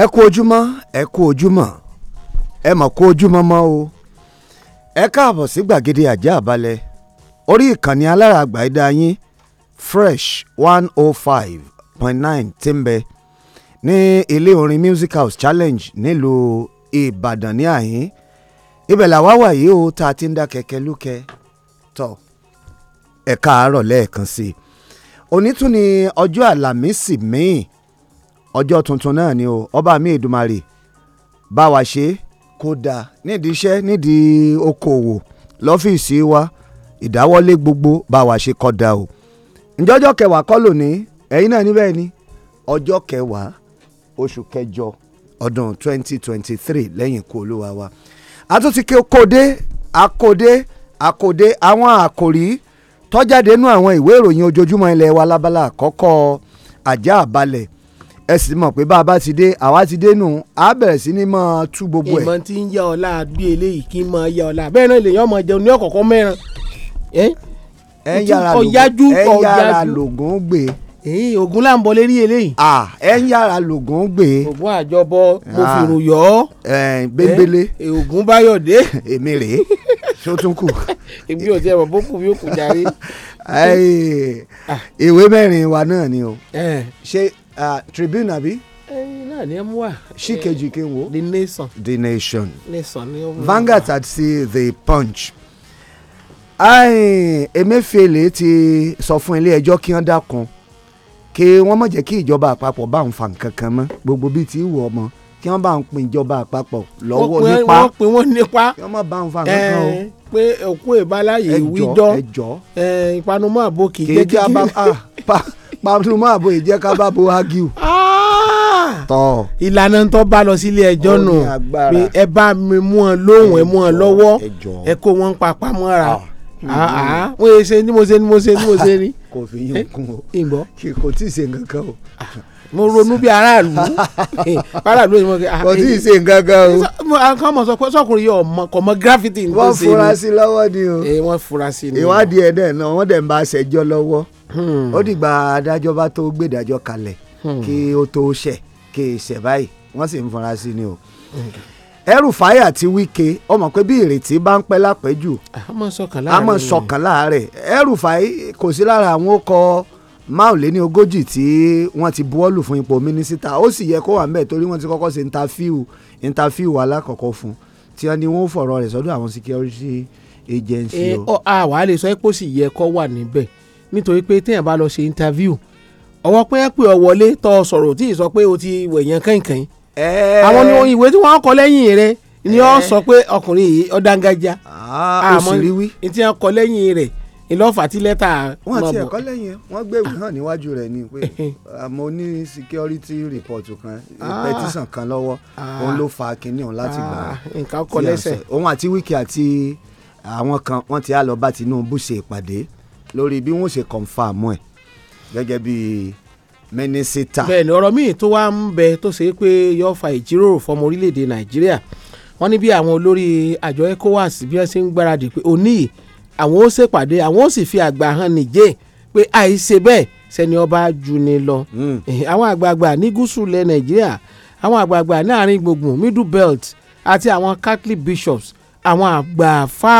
ẹ kú ojúmọ́ ẹ kú ojúmọ́ ẹ mà kú ojúmọ́ mọ́ o ẹ sí gbàgede àjẹ́ àbálẹ̀ orí ìkànnì alára yín fresh one oh five point nine ń ní ilé orin music challenge nílùú Ìbàdàn ní àyín ibẹ̀ o tá a ti ń kẹ̀kẹ́ lúkẹ́ tọ̀ lẹ́ẹ̀kan sí ọjọ́ tuntun náà ni o ọba mi Èdùmàrè bá wa ṣe kódà nídìí iṣẹ́ nídìí okòwò lọ́fíìsì wa ìdáwọ́lé gbogbo bá wa ṣe kódà o ǹjọ́jọ́ kẹwàá kọ́ lónìí ẹ̀yin náà níbẹ̀ ni ọjọ́ kẹwàá oṣù kẹjọ ọdún 2023 lẹ́yìn ikú olúwa wa àtúntí kóde akóde akóde àwọn àkòrí tọ́jáde nú àwọn ìwé ìròyìn ojoojúmọ́ ilẹ̀ wa lábala àkọ́kọ́ ajá àbalẹ̀ ẹ sì mọ̀ pé bàbá ti dé àwa ti dé nù á bẹ̀rẹ̀ sí ni máa tú gbogbo ẹ̀. ìmọ̀ tí ń yá ọ̀la bí eléyìí kí n máa yá ọ̀la bẹ́ẹ̀ náà lèyàn máa jẹun ní ọ̀kọ̀ọ̀kọ̀ mẹ́ran. ẹ yára lògùn gbé. ògùn là ń bọ lérí eléyìí. ẹ yára lògùn gbé. ògùn àjọbọ mo fèrò yọ ọ. bẹ́ńbélé. E, ògùn báyọ̀dé. *laughs* èmi rèé ṣó tún kù. *laughs* èmi ò jẹ́ bó kù yóò kù járe. ìwé mẹ́rin wa náà ni o. ṣé Uh, Tribune àbí. ẹyin náà ni ẹ mú wá. ṣìkejì eh, kí n wo. The Nation. The Nation. Nation ni ó mú wá. Vanguard àti The Punch. Emefiele ti sọ fún ilé ẹjọ́ kí wọ́n dákun kí wọ́n má jẹ́ kí ìjọba àpapọ̀ bá òun fa nǹkan kan mọ́ gbogbo bíi ti ìwọ ọmọ kí wọ́n bá ń pín ìjọba àpapọ̀ lọ́wọ́ nípa wọ́n pín wọ́n nípa kí wọ́n má bá ń fa nǹkan kan o. Eh, pé òkú ìbáláyé wíjọ́ eh, ìpanumọ́ àbókì jẹ́ *laughs* pàtó máa bo ìjẹ́ ká bá bo agiu. Ah! tọ́ ìlànà tó bá lọ sílé ẹjọ́ nù pé ẹ bá mi mú ọ lóhùn ẹ mú ọ lọ́wọ́ ẹ kó wọn papá mọ́ra ah. Ah, mm-hmm. wọ́n yẹ ṣe ni mo ṣe ni mo ṣe ni mo ṣe ni. *laughs* kò fi yín kún o kò tí ì ṣe nǹkan kan o mo ronú bí aráàlú *laughs* aráàlú yìí mo kẹ. kò tí ì eh, ṣe nǹkan kan o. Eh, àwọn ọmọ sọ pé sọkùnrin yìí ọmọ kò mọ graffiti nǹkan ṣe ni. Eh, wọ́n fura sí lọ́wọ́ ni o. ìwádìí ẹ̀ dẹ̀ náà wọ́n dẹ̀ ń bá aṣẹjọ́ lọ́wọ́. Hmm. ó dìgbà adájọ́ bá tó gbèdájọ́ kalẹ̀ hmm. kí ó tó ṣẹ̀ kí ìṣẹ̀ báyìí wọ́n sì ń fara sí ni o El-Rufai hmm. àti Wike ọmọ pé bí ìrètí bá ń pẹ́ lápẹ́jù àmọ́ sọ̀kan láàárẹ̀ El-Rufai kò sí lára àwọn ọkọ̀ máàléní ogójì tí wọ́n ti buwọ́lù fún ipò mínísítà ó sì yẹ kó wà ńbẹ̀ torí wọ́n ti kọ́kọ́ ṣe ìntàfíù ìntàfíù alákọ̀ọ́kọ́ fún tí wọ́n ní wọ́n fọ̀rọ̀ rẹ̀ sọ́dọ̀ àwọn security agency eh, o. ẹ ọ àwa lè sọ ẹ kó sì yẹ kó wà níbẹ̀ nítorí pé téèyàn bá lọ ṣe interview ọwọ́ pé ẹ pè ọ wọlé tọ́ ọ sọ̀rọ̀ tí ì sọ pé o ti wẹ̀yàn kẹ́hìnkẹ́hìn àwọn ni ìwé tí wọ́n kọ lẹ́yìn rẹ̀ ni ọ sọ pé ọkùnrin yìí ọ dángájá ah, àmọ́ ìtí wọ́n kọ lẹ́yìn rẹ̀ ìlọ́fà tí lẹ́tà mọ̀ bọ̀. wọ́n ti ẹ̀kọ́ lẹ́yìn wọ́n gbé ìwé hàn níwájú rẹ̀ ni pé *laughs* mo ní security report kan ah. petition kan lọ́wọ́ ah. òun ló fa kinní òun láti gbà. nǹkan kọ lẹ́sẹ̀. òun àti wíkì àti àwọn kan wọ́n ti á lọ bá Tinubu ṣe ìpàdé lórí bí wọ́n ṣe kọ̀ǹfàmù ẹ̀ gẹ́gẹ́ bí mínísítà. bẹ́ẹ̀ni ọ̀rọ̀ míì tó wá ń bẹ tó ṣe pé yóò fa ìjíròrò fọmọ orílẹ̀-èdè nàìjíríà wọ́n ní bí àwọn olórí àjọ ecowas bí wọ́n ṣe ń gbáradì pé òní àwọn ó ṣèpàdé àwọn ó sì fi àgbà hàn nìjẹ́ pé àìṣe bẹ́ẹ̀ sẹ́ni ọba jù ni lọ. Hmm. àwọn àgbààgbà ní gúúsù ilẹ̀ nàìjíríà àwọn àgbààgbà ní àárín gbùngbùn middle belt àti àwọn catholic bishops àwọn àgbààfà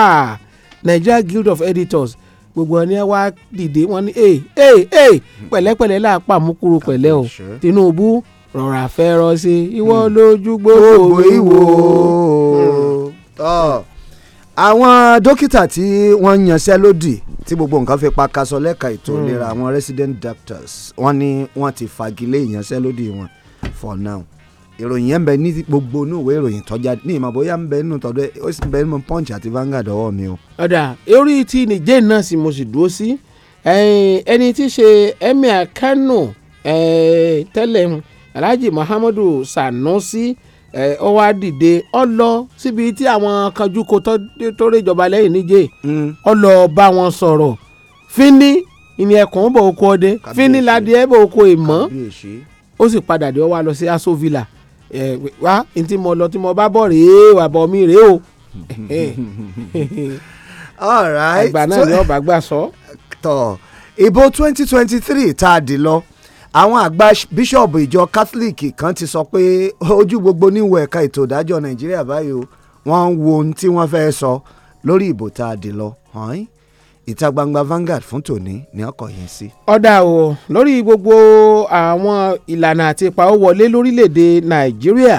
Nigeria Guild of Editors gbogbo ẹni wá dìde wọ́n ní ee ee ee pẹ̀lẹ́pẹ̀lẹ́ là pàmùkúrò pẹ̀lẹ́ o Tinubu rọra fẹ́rọ sí ìwọ hmm. lójú gbogbo ìwò. Hmm. àwọn dókítà tí wọ́n yanṣẹ́ lódì tí gbogbo nǹkan fi pa kaṣọ lẹ́ka ètò hmm. ìlera àwọn resident doctors wọ́n ní wọ́n ti fagilé ìyanṣẹ́lódì wọn for now ìròyìn yẹn ń bẹ ní gbogbo inú ìwé ìròyìn tó jáde ní ìmọ̀ bóyá ń bẹ nínú tọ́jú ó sì bẹ nínú punch àti Vanguard ọwọ́ mi o. ọ̀dà orí ti nìjẹ́ náà sì mo sì dúró sí ẹni tí í ṣe Emir Kano tẹ́lẹ̀ Alhaji Muhammadu Sanusi ó wá dìde ó lọ síbi tí àwọn kanjúkò tó rí ìjọba lẹ́yìn níjẹ́ hmm. ó lọ bá wọn sọ̀rọ̀ fínní ìní ẹkùn bò ó kó ọdẹ fínní ladìẹ bò ó kó ìmọ̀ ó sì padà dé ó wá lọ sí Aso Villa Eh, wá ntí mo lọ tí mo bá bọ̀ rèé wà bọ̀ mi rèé o. *laughs* àgbà náà ni ọba gbà sọ. tọ ìbò twenty twenty three tá a dì lọ àwọn àgbà bíṣọ̀bù ìjọ catholic kan ti sọ pé ojú gbogbo níwò ẹ̀ka ètò ìdájọ́ nàìjíríà báyìí o wọ́n ń wo ohun tí wọ́n fẹ́ sọ lórí ìbò tá a dì lọ. Huh? ìta gbangba Vanguard fún tòní ni ọkọ̀ yẹn sí. ọ̀dà o lórí gbogbo àwọn ìlànà àti ìpawówọlé lórílẹ̀‐èdè Nàìjíríà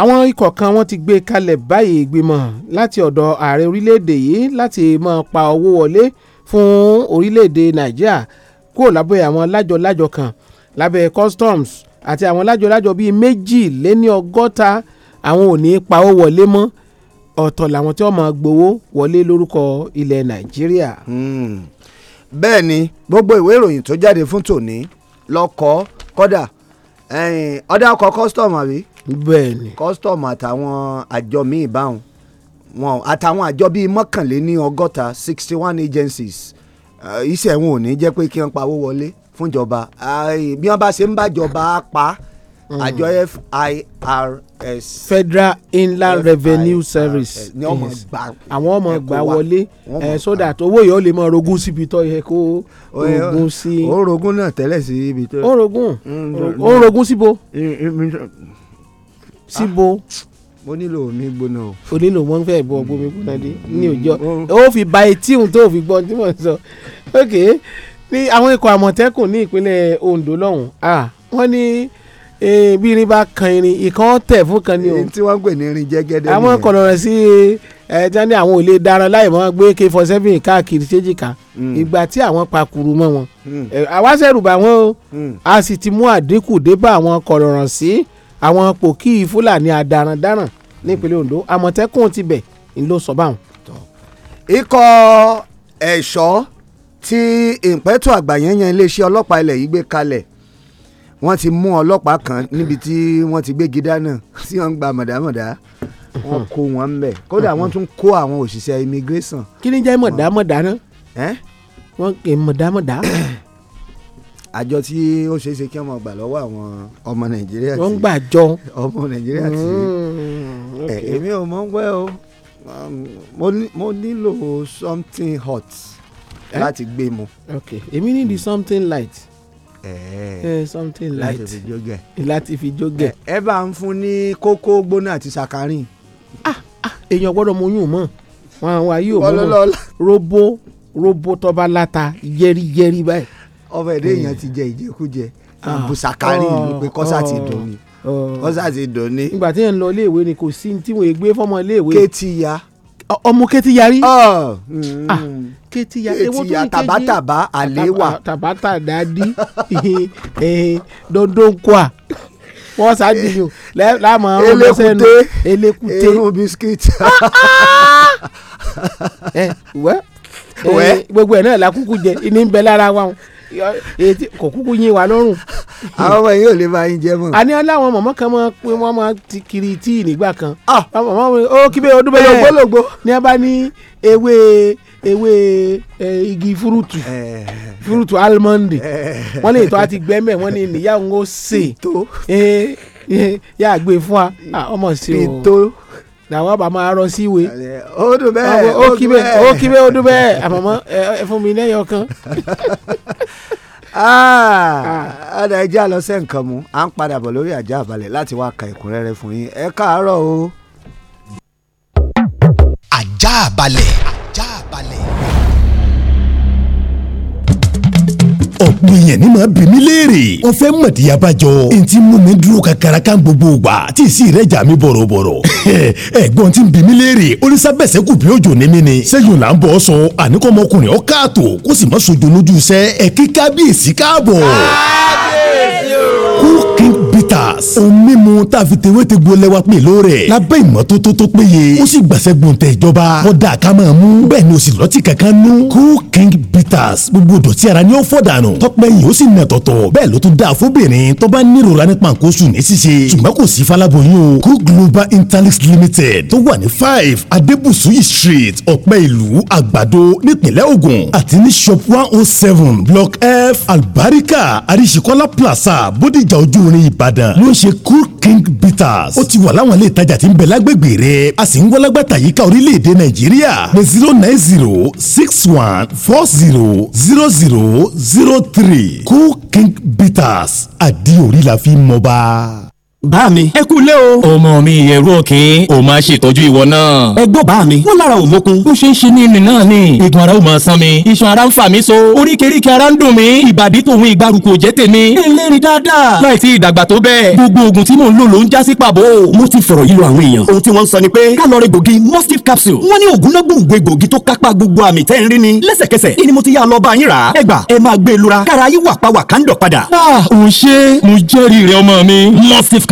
àwọn ikọ̀ kan wọ́n ti gbé kalẹ̀ báyìí ìgbìmọ̀ láti ọ̀dọ̀ ààrẹ orílẹ̀‐èdè yìí láti máa pa owó wọlé fún orílẹ̀‐èdè Nàìjíríà kúrò lábẹ́ àwọn lájọ-lájọ kan lábẹ́ customs àti àwọn lájọ-lájọ bíi méjì lé ní ọgọ́ta àwọn ò ní pa owó wọlé mọ́ ọ̀tọ̀ làwọn tí wọ́n máa gbowó wọlé lórúkọ ilẹ̀ nàìjíríà. Hmm. bẹ́ẹ̀ ni gbogbo ìwé ìròyìn tó jáde fún tòní lọ́kọ́ kọ́dà ọ̀dà ọkọ̀ custom àbí. bẹ́ẹ̀ ni. custom àtàwọn àjọ míì báwọn wọn àtàwọn àjọ bíi mọ́kànléní ọgọ́ta sixty one agencies iṣẹ́ wọn ò ní jẹ́ pé kí wọ́n pawó wọlé fúnjọba bí wọ́n bá ṣe ń bájọba á pa á Mm. àjọ firs. federal inland revenue service ni wọ́n máa gbà àwọn ọmọ gbà wọlé eh, so that owó yìí ó lè máa rogún síbi tó yẹ kó rogún sí. ó rogún náà tẹ́lẹ̀ sí ibi tó. ó rogún mm, ó rogún síbo. síbo. Ah, mo nílò omi gbóná o. o nílò mo ń bọ omi gbóná dé ní mm, òjò ó fi ba etí òun tó fi gbọ́ tí mò ń sọ ok ní àwọn ikọ̀ àmọ̀tẹ́kùn ní ìpínlẹ̀ Ondo lọ́hùn-ún ah, wọ́n ní. Ah, bí irin bá kan irin ìkan tẹ̀ fún kan ni o. tí wọ́n ń pè ní irin jẹ́gẹ́dẹ́ nìyẹn. àwọn kọ̀nà rẹ̀ sí ẹ tí wọ́n àwọn ò lè dára láì mọ́ gbé k forty seven káàkiri séjìká hmm. ìgbà tí àwọn pakuru mọ́ wọn. Hmm. àwáṣẹ́rù wọn o hmm. a sì ti mú àdínkù dé bá àwọn kọ̀nà sí àwọn pòkí fúlàní adarandaran nípínlẹ̀ Ondo àmọ̀tẹ́kùn ti bẹ̀ ń lọ sọ báwọn. ikọ̀ ẹ̀ṣọ́ tí ìpẹ́tù àgbà yẹn yan iléeṣẹ́ ọlọ́pàá ilẹ̀ yìí gbé kalẹ̀ wọ́n ti mú ọlọ́pàá kan níbi tí wọ́n ti gbégi dáná tí wọ́n ń gba mọ̀dámọ̀dá wọ́n kó wọn ń bẹ̀ kódà wọ́n tún kó àwọn òṣìṣẹ́ immigration. kí ni jẹ́ mọ̀dámọ̀dá náà wọ́n kì í mọ̀dámọ̀dá. *coughs* àjọ tí ó ṣeé ṣe kí wọ́n gbà lọ́wọ́ àwọn ọmọ nàìjíríà tí wọ́n gbà jọ ọmọ nàìjíríà tí hmm, èmi ò mọ̀ ń pẹ́ o um, mo nílò something hot láti gbé mu. ok èmi need hmm. something light. Eh, eh, something light láti fi jógẹ̀ láti eh, fi jógẹ̀. ẹ bá ń fún ní kókó gbóná àti sakarin. ah ah èèyàn gbọ́dọ̀ mọ oyún mọ́ wọn àwọn ayé òun mọ́ robo robo tọba lata yẹ́rìyẹ́rì báyìí. ọbẹ̀ èdè èèyàn ti jẹ ìjẹkújẹ ah, bùsàkárì oh, oh, ni pé oh. kọ́sà ti dùn ni kọ́sà ti dùn ni. ìgbà tí yẹn ń lọ iléèwé ni kò sí tí wọ́n gbé fọ́mọ iléèwé. kéètì ya ọmọ Kétíyarí. Ah, ah, mm. Kétíyarí tàbátàbá àléwà. tàbátà dádí *laughs* eh, dọ́dọ́nkọ́à wọ́n ṣáájú yìí o láàmú àwọn ọmọ sẹ́nu elekute eru bisikíìtì. *laughs* Eh, wẹ́ eh, gbogbo ẹ̀ náà la kúkú jẹ ní bẹ lára wa etí kò kúkú yín wa lọ́rùn. àwọn ọmọ yìí ò lè máa yín jẹ mọ́. àní aláwọn mọ̀mọ́ kan mọ́ pé wọ́n máa ti kiri tíì nígbà kan. Ah! àwọn mọ̀mọ́ mi ó kí bẹ́ẹ̀ ọdún bẹ́ẹ̀ lọ́gbọ́lọ́gbọ́ ni a bá ní ewé ewé igi fúrúùtù fúrúùtù almond wọ́n ní ìtọ́ àti gbẹ́mẹ̀ wọ́n ní ìníyàwó ń ṣe yàgbé e fún wa ah, ọmọ ṣe o làwọn bá máa rọ sí ìwé. ó dùn bẹ́ẹ̀ ó kí bẹ́ẹ̀ ó kí bẹ́ẹ̀ ó dùn bẹ́ẹ̀ àmọ́mọ́ ẹ fún mi lẹ́yìn ọkàn. Ah, ọ̀dà ẹ jẹ́ àlọ́ sẹ́ nǹkan mu à ń padà bọ̀ lórí àjà àbálẹ̀ láti wá ka ẹ̀kúnrẹ́rẹ́ fún yín ẹ káàárọ̀ o. àjà àbálẹ̀. ọ̀pọ̀ èèyàn ní máa bí mi léèrè wọ́n fẹ́ mọ̀dí abájọ n ti mú mi dúró ka karaka gbogbo ìgbà tí ìsì rẹ̀ jà mí bọ̀rọ̀bọ̀rọ̀ *laughs* ẹ̀gbọ́n ti bí mi léèrè onísàbẹ̀sẹ̀ kù bí òjò ní mi ni sẹ́yìn là ń bọ̀ sọ àníkọ́mọkùnrin ọ̀ káàtó kó sì má sojo lójú iṣẹ́ ẹ̀ kí kábíyèsí káàbọ̀. Bitters ohun mímu tá a fi tewé gbolẹ̀ wa pè lóore lábẹ́ ìmọ́tótó tó péye ó sì gbàsẹ́ gbọ̀ntẹ̀ ìjọba kọ́dà ká máa mú bẹ́ẹ̀ ni o sì lọ́tì kankan nú Cool King Bitters gbogbo dọ̀tí ara ni ó fọ̀ dànù tọ́pẹ́ yìí ó sì nà tọ̀tọ̀ bẹ́ẹ̀ ló tún dáa fóbìnrin tó bá nírora nípa nǹkan ní ṣíṣe ṣùgbọ́n kò sí falaboyún Cool Global Interlix Limited tó wà ní five Adébùsúyì Street ọ̀pẹ́ ìlú àgbàdo nípìnlẹ̀ Ògùn àti ní shop one oh seven block F Albarika Arisikola Plaza Bódìjà ojú orin Ìbàdàn ìbàdàn ló ń ṣe cool king bitters ó ti wà láwọn ilé ìtajà tí ń bẹ lágbègbè rẹ a sì ń wọ́lágbàtà yíká orílẹ̀-èdè nàìjíríà ní zero nine zero six one four zero zero zero zero three cool king bitters àdìorí la fi mọ́ bá bá mi. ẹ kú lé o. ọmọ mi ẹrú òkè o máa ṣètọ́jú ìwọ náà. ẹ gbọ́ bá mi. wọ́n lára ò ó ṣe ń ṣe ní ìrìn náà ni. igun ara ò máa san mi. iṣan ara ń fà mí so. oríkèéríkè ara ń dùn mí. ìbàdí tòun ìgbàrúkọ ò jẹ́ tèmi. eléyìí dáadáa. láì tí ìdàgbà tó bẹ́ẹ̀. gbogbo oògùn tí mò ń lò ló ń já sí pàbó. mo ti fọ̀rọ̀ yí lọ àwọn èèyàn. ohun tí wọ́n sọ ni pé kálọ̀rì capsule. wọ́n ní oògùn náà gbòǹgbò egbòogi tó kápá ni. lẹ́sẹ̀kẹsẹ̀ ìní mo ti yá lọ bá e lura. kára yí wà pa ah òun ṣe mo jẹ́rìí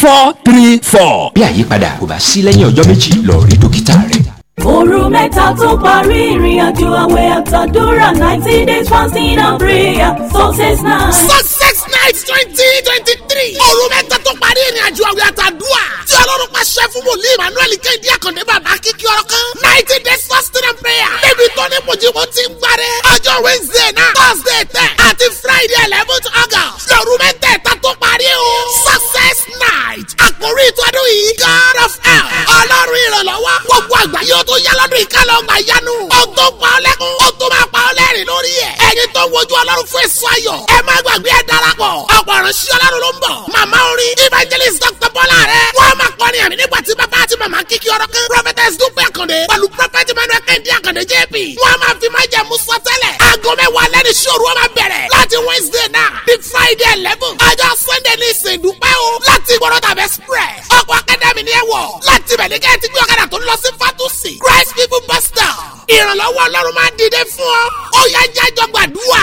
four three four. bí àyípadà kò bá sí lẹ́yìn ọjọ́ méjì lọ rí dókítà rẹ òru mẹ́ta tó parí ìrìn àjò àwẹ̀ àtàdúrà ninety days fasting and prayer success night. success night twenty twenty three òru mẹ́ta tó parí ìrìn àjò àwẹ̀ àtàdúrà tí ọlọ́run pàṣẹ fún wòlíì emmanuel kéde àkàndé bàbá kíkí ọ̀rọ̀ kan ninety days fasting and prayer níbi tó ní mojúmọ́ ti ń gbarẹ́ ọjọ́ wednesday náà thursday ten àti friday eleventh august lóru mẹ́tẹ̀ẹ̀ta tó parí o success night àkórí ìtọ́jú yìí god of hell. ọlọ́run ìrànlọ́wọ́ gbogbo àgbáyé ó t tó yá lọ́dún ìkálọ̀ ọgbà yanu. tó pa ọ́ lẹ́kún. ó tó máa pa ọ́ lẹ́rìn lórí ẹ̀. ẹni tó wojú ọlọ́run fún èso ayọ̀. ẹ má gbàgbé ẹ darapọ̀. ọ̀pọ̀ ìránṣẹ́ ọlọ́run ló ń bọ̀. màmá orin evangelist dr bọ́lá rẹ̀. wọ́n máa kọrin àmì nígbà tí bàbá àti màmá kíkí ọ̀rọ̀ kan. prophetess dúpẹ́ àkàndé pẹ̀lú prophet emmanuel kẹ́hìndé àkàndé jp. wọ́n máa fi má jẹ̀mú sọ tẹ́lẹ̀. aago mẹ́wàá lẹ́ni ṣòro wọn máa bẹ̀rẹ̀. láti wednesday náà di friday eleven. ọjọ́ sunday ní ìsìn o. láti gbọ́dọ̀ tàbí express. ọkọ̀ akadẹ́mi ni ẹ wọ̀. láti bẹ̀lẹ́kẹ́ ti gbé ọ̀kadà tó ń lọ sí fatusi. Christ people pastor ìrànlọ́wọ́ ọlọ́run máa dìde fún ọ ó yá jájọ gbàdúrà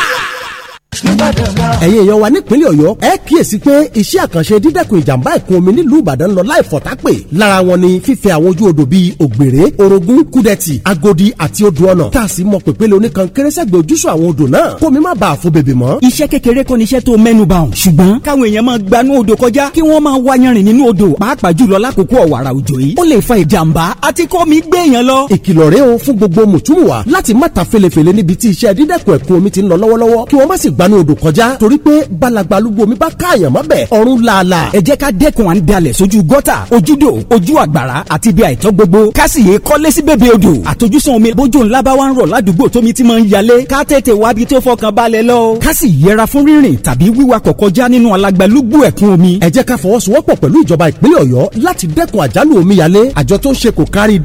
ẹ̀yin èèyàn wa nípínlẹ̀ ọ̀yọ́ ẹ kíyèsí pé iṣẹ́ àkànṣe dídẹ́kun ìjàmbá ìkún omi nílùú ìbàdàn lọ láì fọ̀tápè lára wọn ni fífẹ́ àwọn ojú odò bíi ògbèrè orogún kúdẹ̀tì agodi àti odò ọ̀nà tá a sì mọ pèpele oníkan kérésẹ́gbẹ̀ ojúṣọ àwọn odò náà kómi má bàa fò bèbè mọ́. iṣẹ́ kékeré kọ́ni iṣẹ́ tó mẹ́nu bà ọ́n ṣùgbọ́n káwọn èèyàn máa gbanú odò kọjá kí wọ́n máa wáyanrìn nínú odò pàápàá jùlọ lákòókò ọ̀wàrà òjò yìí ó lè fa ìjàmbá àti kómi gbé èèyàn lọ. ìkìlọ̀ rẹ o fún gbogbo mùtúmùwà láti má ta gbanú odò kọjá torí pé balagba lúgbó mi bá káàyàn mọ́ bẹ̀ ọ̀run làálàá. ẹ jẹ́ ká dẹ́kun à ń dalẹ̀ sójú gọ́tà ojúdò ojú àgbàrá àti ibi àìtọ́ gbogbo kásìyè kọ́lé sí bèbè odò àtojúsùn omi bójú ńlá bá wà ń rọ̀ ládùúgbò tómi ti máa ń yalé ká tètè wábi tó fọkàn balẹ̀ lọ. kásì yẹra fún rírìn tàbí wíwakọ̀ kọjá nínú alagbalúgbú ẹ̀kún omi. ẹ jẹ́ ká fọwọ́sowọ́pọ̀ pẹ̀lú ìjọba ìpínlẹ̀ ọ̀yọ́ láti dẹ́kun àjálù omíyalé àjọ tó ń ṣe kò kárí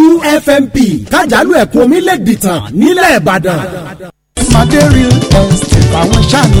IUFMP kájálù ẹ̀kún omi lè dìtàn nílẹ̀ Ìpàdé real estate àwọn sáà ní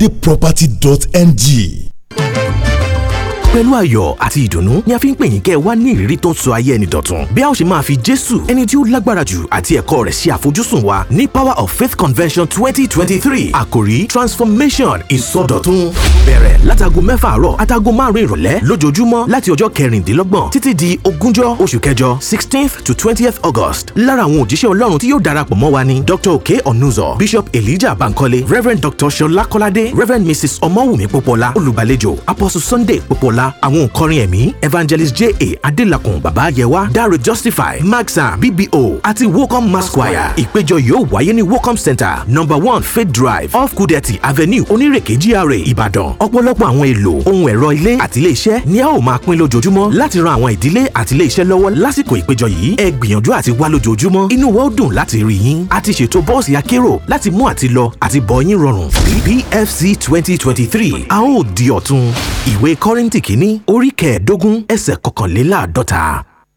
adeproperty.ng pẹ̀lú ayọ̀ àti ìdùnnú ni a fi ń pè yín kẹ́ ẹ wá ní ìrírí tó ń sọ ayé ẹni dọ̀tun bí a ó ṣe máa fi jésù ẹni tí ó lágbára jù àti ẹ̀kọ́ rẹ̀ ṣe àfojúsùn wa ní power of faith convention twenty twenty three àkòrí transformation ìsọdọ̀tun bẹ̀rẹ̀ látago mẹ́fà àárọ̀ àtago márùn-ún ìrọ̀lẹ́ lójoojúmọ́ láti ọjọ́ kẹrìndínlọ́gbọ̀n títí di ogúnjọ́ oṣù kẹjọ sixteenth to twentieth august lára àwọn òjíṣẹ́ ọlọ́run tí yóò darapọ̀ mọ́ wa ni dr oke onuzo bishop elijah bankole reverend dr ṣọlá kọ́ládé reverend mrs ọmọwùmí pópọ́lá olùgbàlejò apostle sunday pópọ́lá Adémọ́lá àwọn òǹkọrin ẹ̀mí Evangelist J. A. Adélakùn Bàbá Ayẹwà Dáre Justify Maxam BBO àti Welcome Mass Choir ìpéjọ yóò wáyé ní Welcome Center number one Faith Drive off Kudeti Avenue Onírèké GRA Ìbàdàn ọ̀pọ̀lọpọ̀ àwọn èlò ohun ẹ̀rọ ilé àti ilé iṣẹ́ ni a ó máa pín lójoojúmọ́ láti ran àwọn ìdílé àti ilé iṣẹ́ lọ́wọ́ lásìkò ìpéjọ yìí ẹ gbìyànjú àti wá lójoojúmọ́ inú wa ó dùn láti rí yín a ti ṣètò bọ́ọ̀sì akérò láti mú àti lọ àti bọ̀ yín rọrùn BFC twenty twenty three a ó di ọ̀tun ìwé Kọ́ríńtì k kínní orí kẹẹ̀ẹ́dógún ẹsẹ̀ kọkànléláàádọ́ta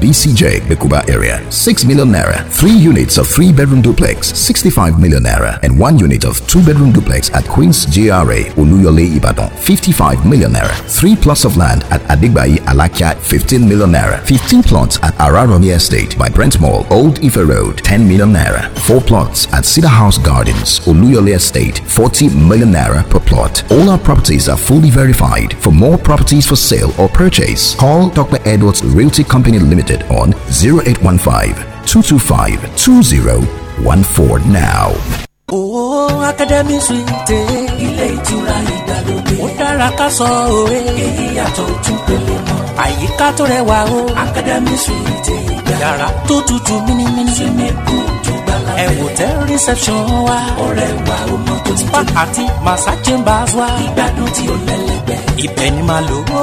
BCJ, Bekuba area. 6 million naira. 3 units of 3 bedroom duplex, 65 million naira. And 1 unit of 2 bedroom duplex at Queen's GRA, Uluyole Ibadan, 55 million naira. 3 plots of land at Adigbai, Alakia, 15 million naira. 15 plots at Araromi Estate by Brent Mall, Old Ife Road, 10 million naira. 4 plots at Cedar House Gardens, Uluyole Estate, 40 million naira per plot. All our properties are fully verified. For more properties for sale or purchase, call Dr. Edwards Realty Company Limited contacted on 0815-225-2014 now. Oh, Academy Suite. Ilé ìtura ìgbàlódé. Ó dára ká sọ òwe. Èyí yàtọ̀ ojú pele mọ́. Àyíká tó rẹwà o. Academy Suite ìgbà. Yàrá tó tutù mímímí. Swimming pool tó gbàlá. Ẹ wò tẹ reception wa. Ọ̀rẹ́ wa ó tó ti tó. Spa àti massage chambers wa. Ìgbádùn tí ó lẹ́lẹ̀ lẹ́lẹ́gbẹ́. ibẹ̀ ni màá lò ó.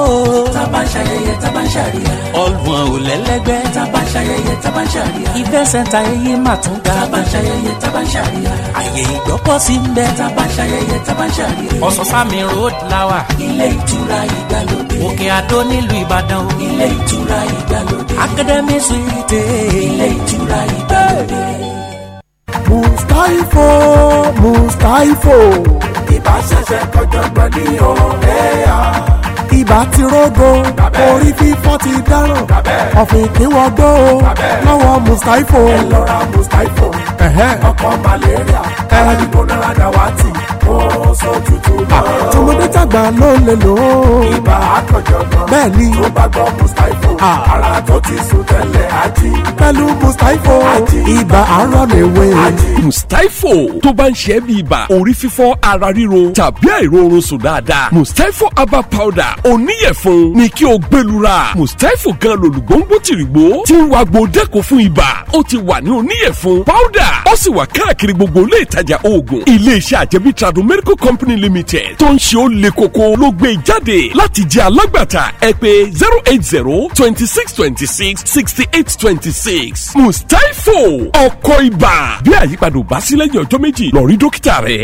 tàbá ń ṣayẹyẹ tàbá ń ṣàríyá. ọlùwọ̀n ò lẹ́lẹ́gbẹ́. tàbá ń ṣayẹyẹ tàbá ń ṣàríyá. ìfẹ́ sẹ́ńtà ẹyẹ máa tún ga. tàbá ń ṣayẹyẹ tàbá ń ṣàríyá. àyè ìgbọ́pọ̀ sí ń bẹ. tàbá ń ṣayẹyẹ tàbá ń ṣàríyá. ọ̀sánsámi road lawa. ilé ìtura ìgbàlódé. òkè àdó nílùú ìbàdàn o. ilé ìtura ìgbàlódé. academy suite. ilé ìtura ìgbàlódé. mustaifo mustaifo bá ṣẹ̀ṣẹ̀ kọjọ́gbọ́n ní òhèèyà. ibà ti rógo orí fífọ́ ti dáràn ọ̀fìn kí wọ́n gbó o lọ́wọ́ mùsáífò. ẹ lọ ra mùsáífò ọkọ̀ malaria aládìgbò náírà dàwátì ó ah, sọ tútù lọ. tọmọdé tàgbà ló lè lò ó. ibà àtọ̀jọ̀gbọ́n. bẹ́ẹ̀ ni. tó bá gbọ́ mustapho. Ah. ara tó ti sùn tẹ́lẹ̀ ají. pẹ̀lú mustapho. ají ibà arọ lè wé. ají mustapho tó bá ń ṣe é bí ibà orí fífọ́ ara ríro tàbí àìróorun sùn dáadáa mustapho herbal powder oníyẹ̀fun ni kí o gbẹlura mustapho gan lòlùgbòǹgbò tìrìgbò ti ń wa gbòdẹ́kọ̀ fún ibà ó ti wà ní oníyẹ̀fun powder ó sì wà káàkiri gbogbo ilé ìtajà oògùn ilé iṣẹ́ àjẹmí tradom biomedical company limited tó ń ṣe ó le koko ló gbé jáde láti jẹ́ alágbàtà ẹ pè zero eight zero twenty six twenty six sixty eight twenty six mustapho ọkọ̀ ibà bí àyípadà ò bá sí lẹ́yìn ọjọ́ méjì lọ rí dókítà rẹ.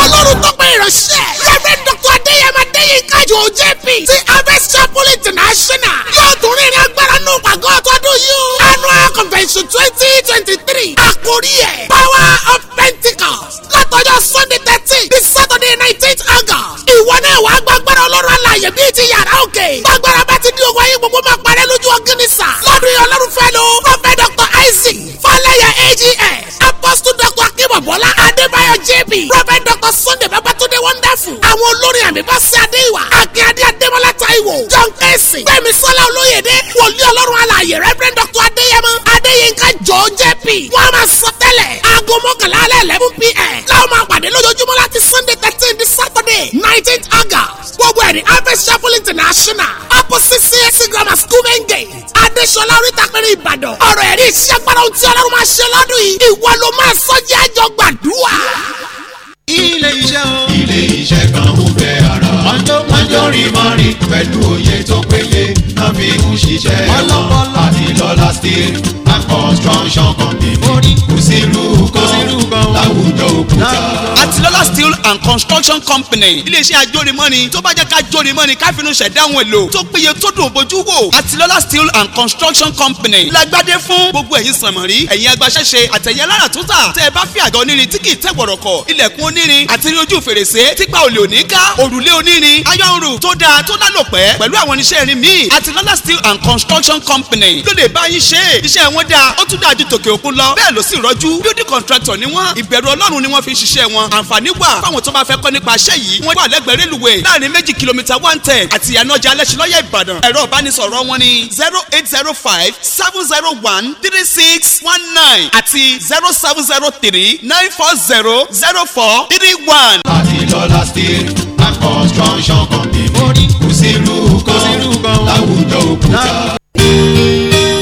ọlọ́run tó pé ìránṣẹ́ reverend dr adéyẹmọ adéyínká jòó jp ti harvest chapel international yóò tún rìnrìn agbára nù pàgọ́ tọdún yìí convention twenty twenty three àkórí ẹ̀ power of pentecost látọjọ́ sunday thirteen di saturday nineteenth august ìwọ náà wàá gbàgbọ́dọ̀ ọlọ́run alàyè bíi ti yàrá òkè gbàgbọ́dọ̀ bá ti di ogun ayé gbogbo máa parẹ́ lójú ọgí ní sà lọ́dún yìí ọlọ́run fẹ́ lo prophet dr isaac falẹ́yà ags apostle dr akínbọ̀bọ́lá adé jb prophet dr sunday babatunde wonderful àwọn olórin àmì bá sí adéwà akin adé adémọlá taiwo john kẹsì fẹmi sọlá olóyèdè wòlíì ọlọ́run alààyè reverend dr adéyẹmọ adéyínká jọ jp wọn a máa sọ tẹ́lẹ̀ aago mọ́kànlá alẹ́ eleven pm láwọn máa pàdé lójoojúmọ́ láti sunday thirteen di saturday nineteen august gbogbo ẹ̀rí harvest chapel international opposite csc grammar school main gate adéṣọlá oríta pẹ̀lú ìbàdàn ọ̀rọ̀ ẹ̀rí iṣẹ́ gbọ́dọ̀ tí ọlọ́run máa ṣe lọ́dún yìí ìwọ ló máa sọ́jí àjọ gbàdúrà ilé iṣẹ́ o. ilé iṣẹ́ kan ń bẹ ara. wọ́n jọ rìn máa rìn pẹ̀lú òye tó péye náà fi ń ṣiṣẹ́ wọn àti lọ́lá steel and construction company. kò sí irú kan láwùjọ òkúta. Global Steel and Construction Company iléeṣẹ́ ajórimọ́ni tó bá jẹ́ ká jórimọ́ni káfínú ṣẹ̀dá ohun èlò tó péye tó dùn bójú wò Àtilọ́lá Steel and Construction Company lágbádé fún gbogbo ẹ̀yin sànmọ́rí ẹ̀yin agbaṣẹ́ṣe àtẹ̀yẹ lára tó tà tẹ́ ẹ bá fi àga onírin tí kì í tẹ̀ wọ̀rọ̀kọ̀ ilẹ̀kùn onírin àti ojú fèrèsé típa olè òní ká òrùlé onírin ayọ̀nrù tó dáa tó lálòpẹ́ pẹ̀lú àwọn oníṣẹ́ irin míì Àtilọ́lá Steel and Construction Company ló lè bá yín ṣe iṣẹ́ wọn dáa ó tún dáa ju tòkè òkun lọ bẹ́ẹ̀ ló sì rọ́jú building contractor ni wọ́n ìbẹ̀rù Ọlọ́run ni wọ́n fi ṣiṣẹ́ wọn àǹfààní àǹfààní wà fáwọn tó bá fẹ́ kọ́ nípa iṣẹ́ yìí wọ́n wà lẹ́gbẹ̀ẹ́ rélùwẹ̀ láàrin méjì kìlómítà one ten àti ìyànàjà alẹ́sìlọ́yẹ̀ ìbàdàn ẹ̀rọ ìbánisọ̀rọ̀ wọn ni zero eight zero five seven zero one three six one nine àti zero seven zero three nine four zero zero four three one. àti dọ́là steel and construction company kò sí irú kan láwùjọ òkúta.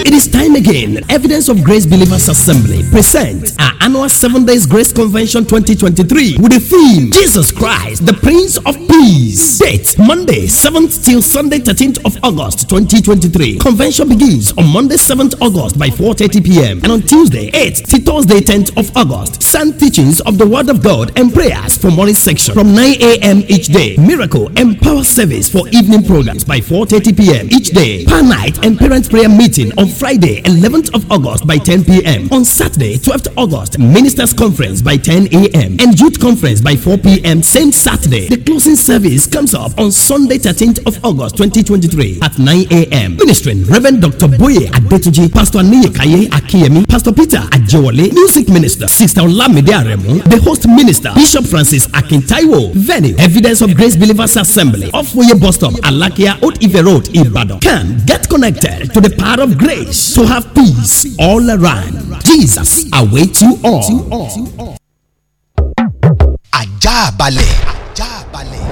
It is time again. Evidence of Grace Believers Assembly present our annual Seven Days Grace Convention 2023 with the theme Jesus Christ, the Prince of Peace. Date Monday, 7th till Sunday, 13th of August 2023. Convention begins on Monday, 7th August by 4:30 p.m. and on Tuesday, 8th till Thursday, 10th of August. Send teachings of the Word of God and prayers for morning section from 9 a.m. each day. Miracle and Power Service for evening programs by 4:30 p.m. each day. Per night and parent prayer meeting on Friday, 11th of August by 10 p.m. On Saturday, 12th August, Ministers Conference by 10 a.m. and Youth Conference by 4 p.m. Same Saturday. The closing service comes up on Sunday, 13th of August, 2023 at 9 a.m. Ministering Reverend Dr. Boye Adetuji, Pastor Niyekaye Akemi, Pastor Peter Ajewole, Music Minister Sister Olamide Aremu, the host minister Bishop Francis Akintaiwo. Venue: Evidence of Grace Believers Assembly, Off Bus Stop, Alakia, Old Ife Road, Ibadan. Can get connected to the power of grace grace to have peace all around. Jesus awaits you all. Ajabale, Ajabale.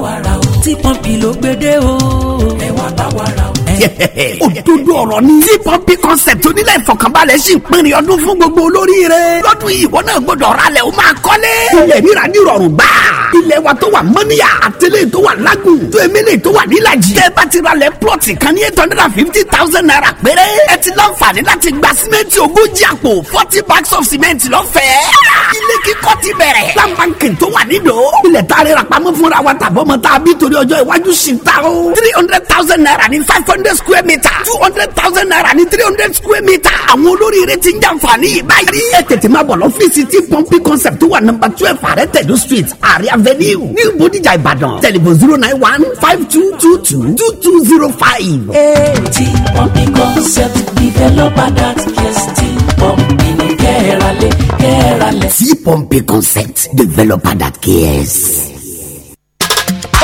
bá wa ra o. tí pọ́ǹpì ló gbédè o. ẹ wá bá wa ra o yẹ̀yẹ̀. *laughs* òdodo ọ̀rọ̀ ni. tí pọ́ńpì concept onílẹ̀ ìfọkànbalẹ̀ sì ń pinrin ọdún fún gbogbo olórí rẹ̀. lọ́dún yìí ìwọ náà gbọ́dọ̀ ra lẹ̀ o máa kọ́lé. ilẹ̀ ríra ní ìrọ̀rùn gbà. ilẹ̀ wa tó wà mọ́níyà àtẹlẹ́ tó wà lágùn tó emele tó wà nílàjì. tẹ́ bá ti ra lẹ̀ plọ̀tì kan ní eight hundred and fifty thousand naira péré. ẹ ti láǹfààní láti gba símẹ́ǹtì ogójì àpò forty bags of cement lọ́fẹ̀ẹ́. ilé kíkọ́ ti bẹ̀rẹ̀. láǹbàǹkì tó wà nílò. ilẹ̀ tá a rẹ̀ rà pamọ́ fúnra wa tàbọ́mọ tá a bí torí ọjọ́ iwájú sí ta o. three hundred thousand naira ní five hundred hundred square meter two hundred thousand naira ní three hundred square meter àwọn olóríire ti ń jàǹfààní yìí báyìí. ẹ tètè máa bọ̀ lọ́fíìsì tí pọ́ńpì concept tó wà nọ́mbà twelve àrẹ tẹ̀dó street àrẹ avenue ní bòdìjà ìbàdàn tẹlifon zero nine one five two two two two two zero five. ti pọ́ńpì concept developer that yes. ti pọ́ńpì ní kẹ́ẹ̀rẹ́lẹ̀ kẹ́ẹ̀rẹ́lẹ̀. ti pọ́ńpì concept developer that cares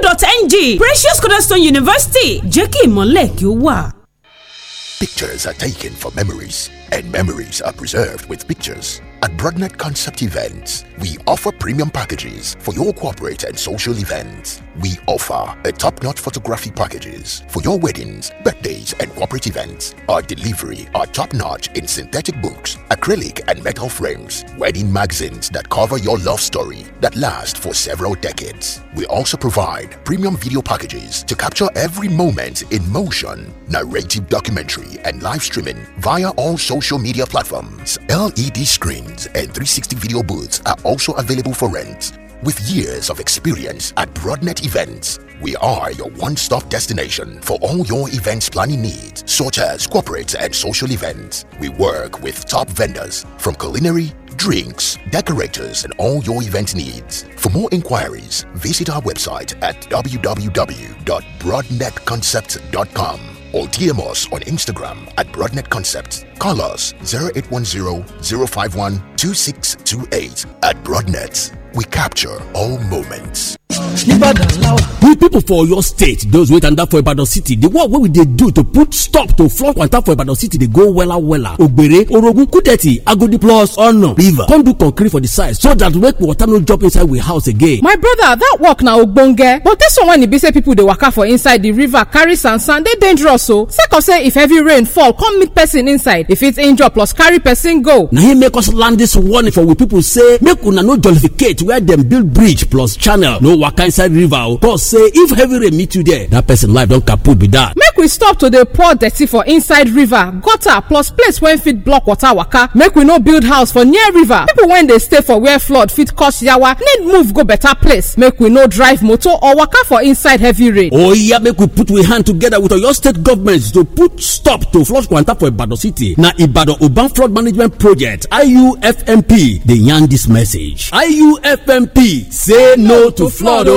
edu.ng Precious Cornerstone University jẹ́ kí ìmọ̀lẹ̀ kí ó wà. Pictures are taken for memories, and memories are preserved with pictures. At Broadnet Concept Events, we offer premium packages for your corporate and social events we offer a top-notch photography packages for your weddings, birthdays, and corporate events. Our delivery are top-notch in synthetic books, acrylic and metal frames, wedding magazines that cover your love story that last for several decades. We also provide premium video packages to capture every moment in motion, narrative documentary, and live streaming via all social media platforms. LED screens and 360 video booths are also available for rent with years of experience at Broadnet Events, we are your one stop destination for all your events planning needs, such as corporate and social events. We work with top vendors from culinary, drinks, decorators, and all your event needs. For more inquiries, visit our website at www.broadnetconcept.com or DM us on Instagram at Broadnet Concepts. Call us 0810 051 2628 at Broadnet. We capture all moments. we people for your state those wey tanda for ibadan city the work wey we dey do to put stop to flood water for ibadan city dey go wella wella ogbere orogun kudeti agodi plus ono river come do concrete for the side so that make water no drop inside we house again. my brother that work na ogbonge but this one when e be say people dey waka for inside the river carry sand sand dey dangerous o sake of say if heavy rain fall come meet person inside If fit injure plus carry person go. na him make us land this warning for we people say make una no jollificate where dem build bridge plus channel no waka inside river o oh. god say if heavy rain meet you there that person life don kaput be that. make we stop to dey pour dirty for inside river gutter plus place wey fit block water waka make we no build house for near river people wey dey stay for where flood fit cause yawa need move go better place make we no drive motor or waka for inside heavy rain. oya oh, yeah, make we put we hand together with oyo state government to put stop to flood kwanta for ibadan city na ibadan urban flood management project iufmp dey yarn dis message iufmp say no to flood flood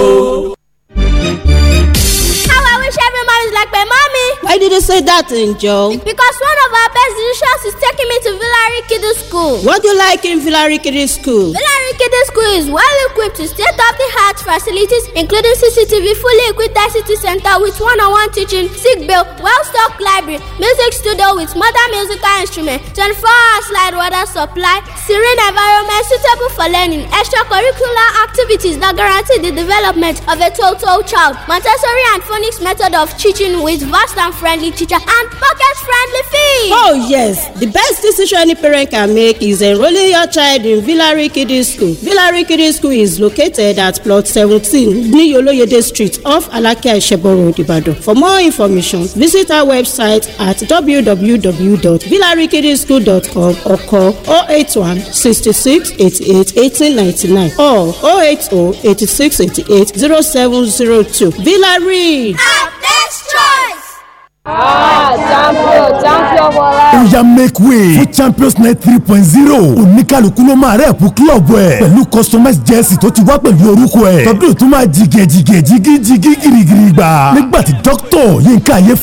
like my mommy. Why did you say that, Angel? Because one of our best musicians is taking me to Villari Kiddie School. What do you like in Villari Kiddie School? Villari Kiddie School is well equipped with state-of-the-art facilities including CCTV, fully equipped ICT center with one-on-one teaching, sick bill, well-stocked library, music studio with modern musical instruments, 24-hour slide water supply, serene environment suitable for learning, extracurricular activities that guarantee the development of a total child, Montessori and phonics method of teaching teaching with vast and friendly teacher and pocket-friendly fees. Oh yes, the best decision any parent can make is enrolling your child in Villari Kiddie School. Villari Kiddie School is located at plot seventeen Niyoloyede Street off Alake Esebo Road, Ibadan. For more information, visit our website at www.villarikiddieschool.com or call 081 66 88 1899 or 080 86 88 0702. Villari! At choice. Ah, champion, champion Bola. Ó make way fún Champions Night three point zero. Oníkàlùkù ló máa rẹ̀ fún kílọ̀bù ẹ̀. Pẹ̀lú customized jersey tó ti wá pẹ̀lú orúkọ ẹ̀. Tọ́dún tó máa jìgẹ̀ jìgẹ̀ jìgí jìgí girigiri gbà. Nígbà tí Dr. Yinka Ayefẹ́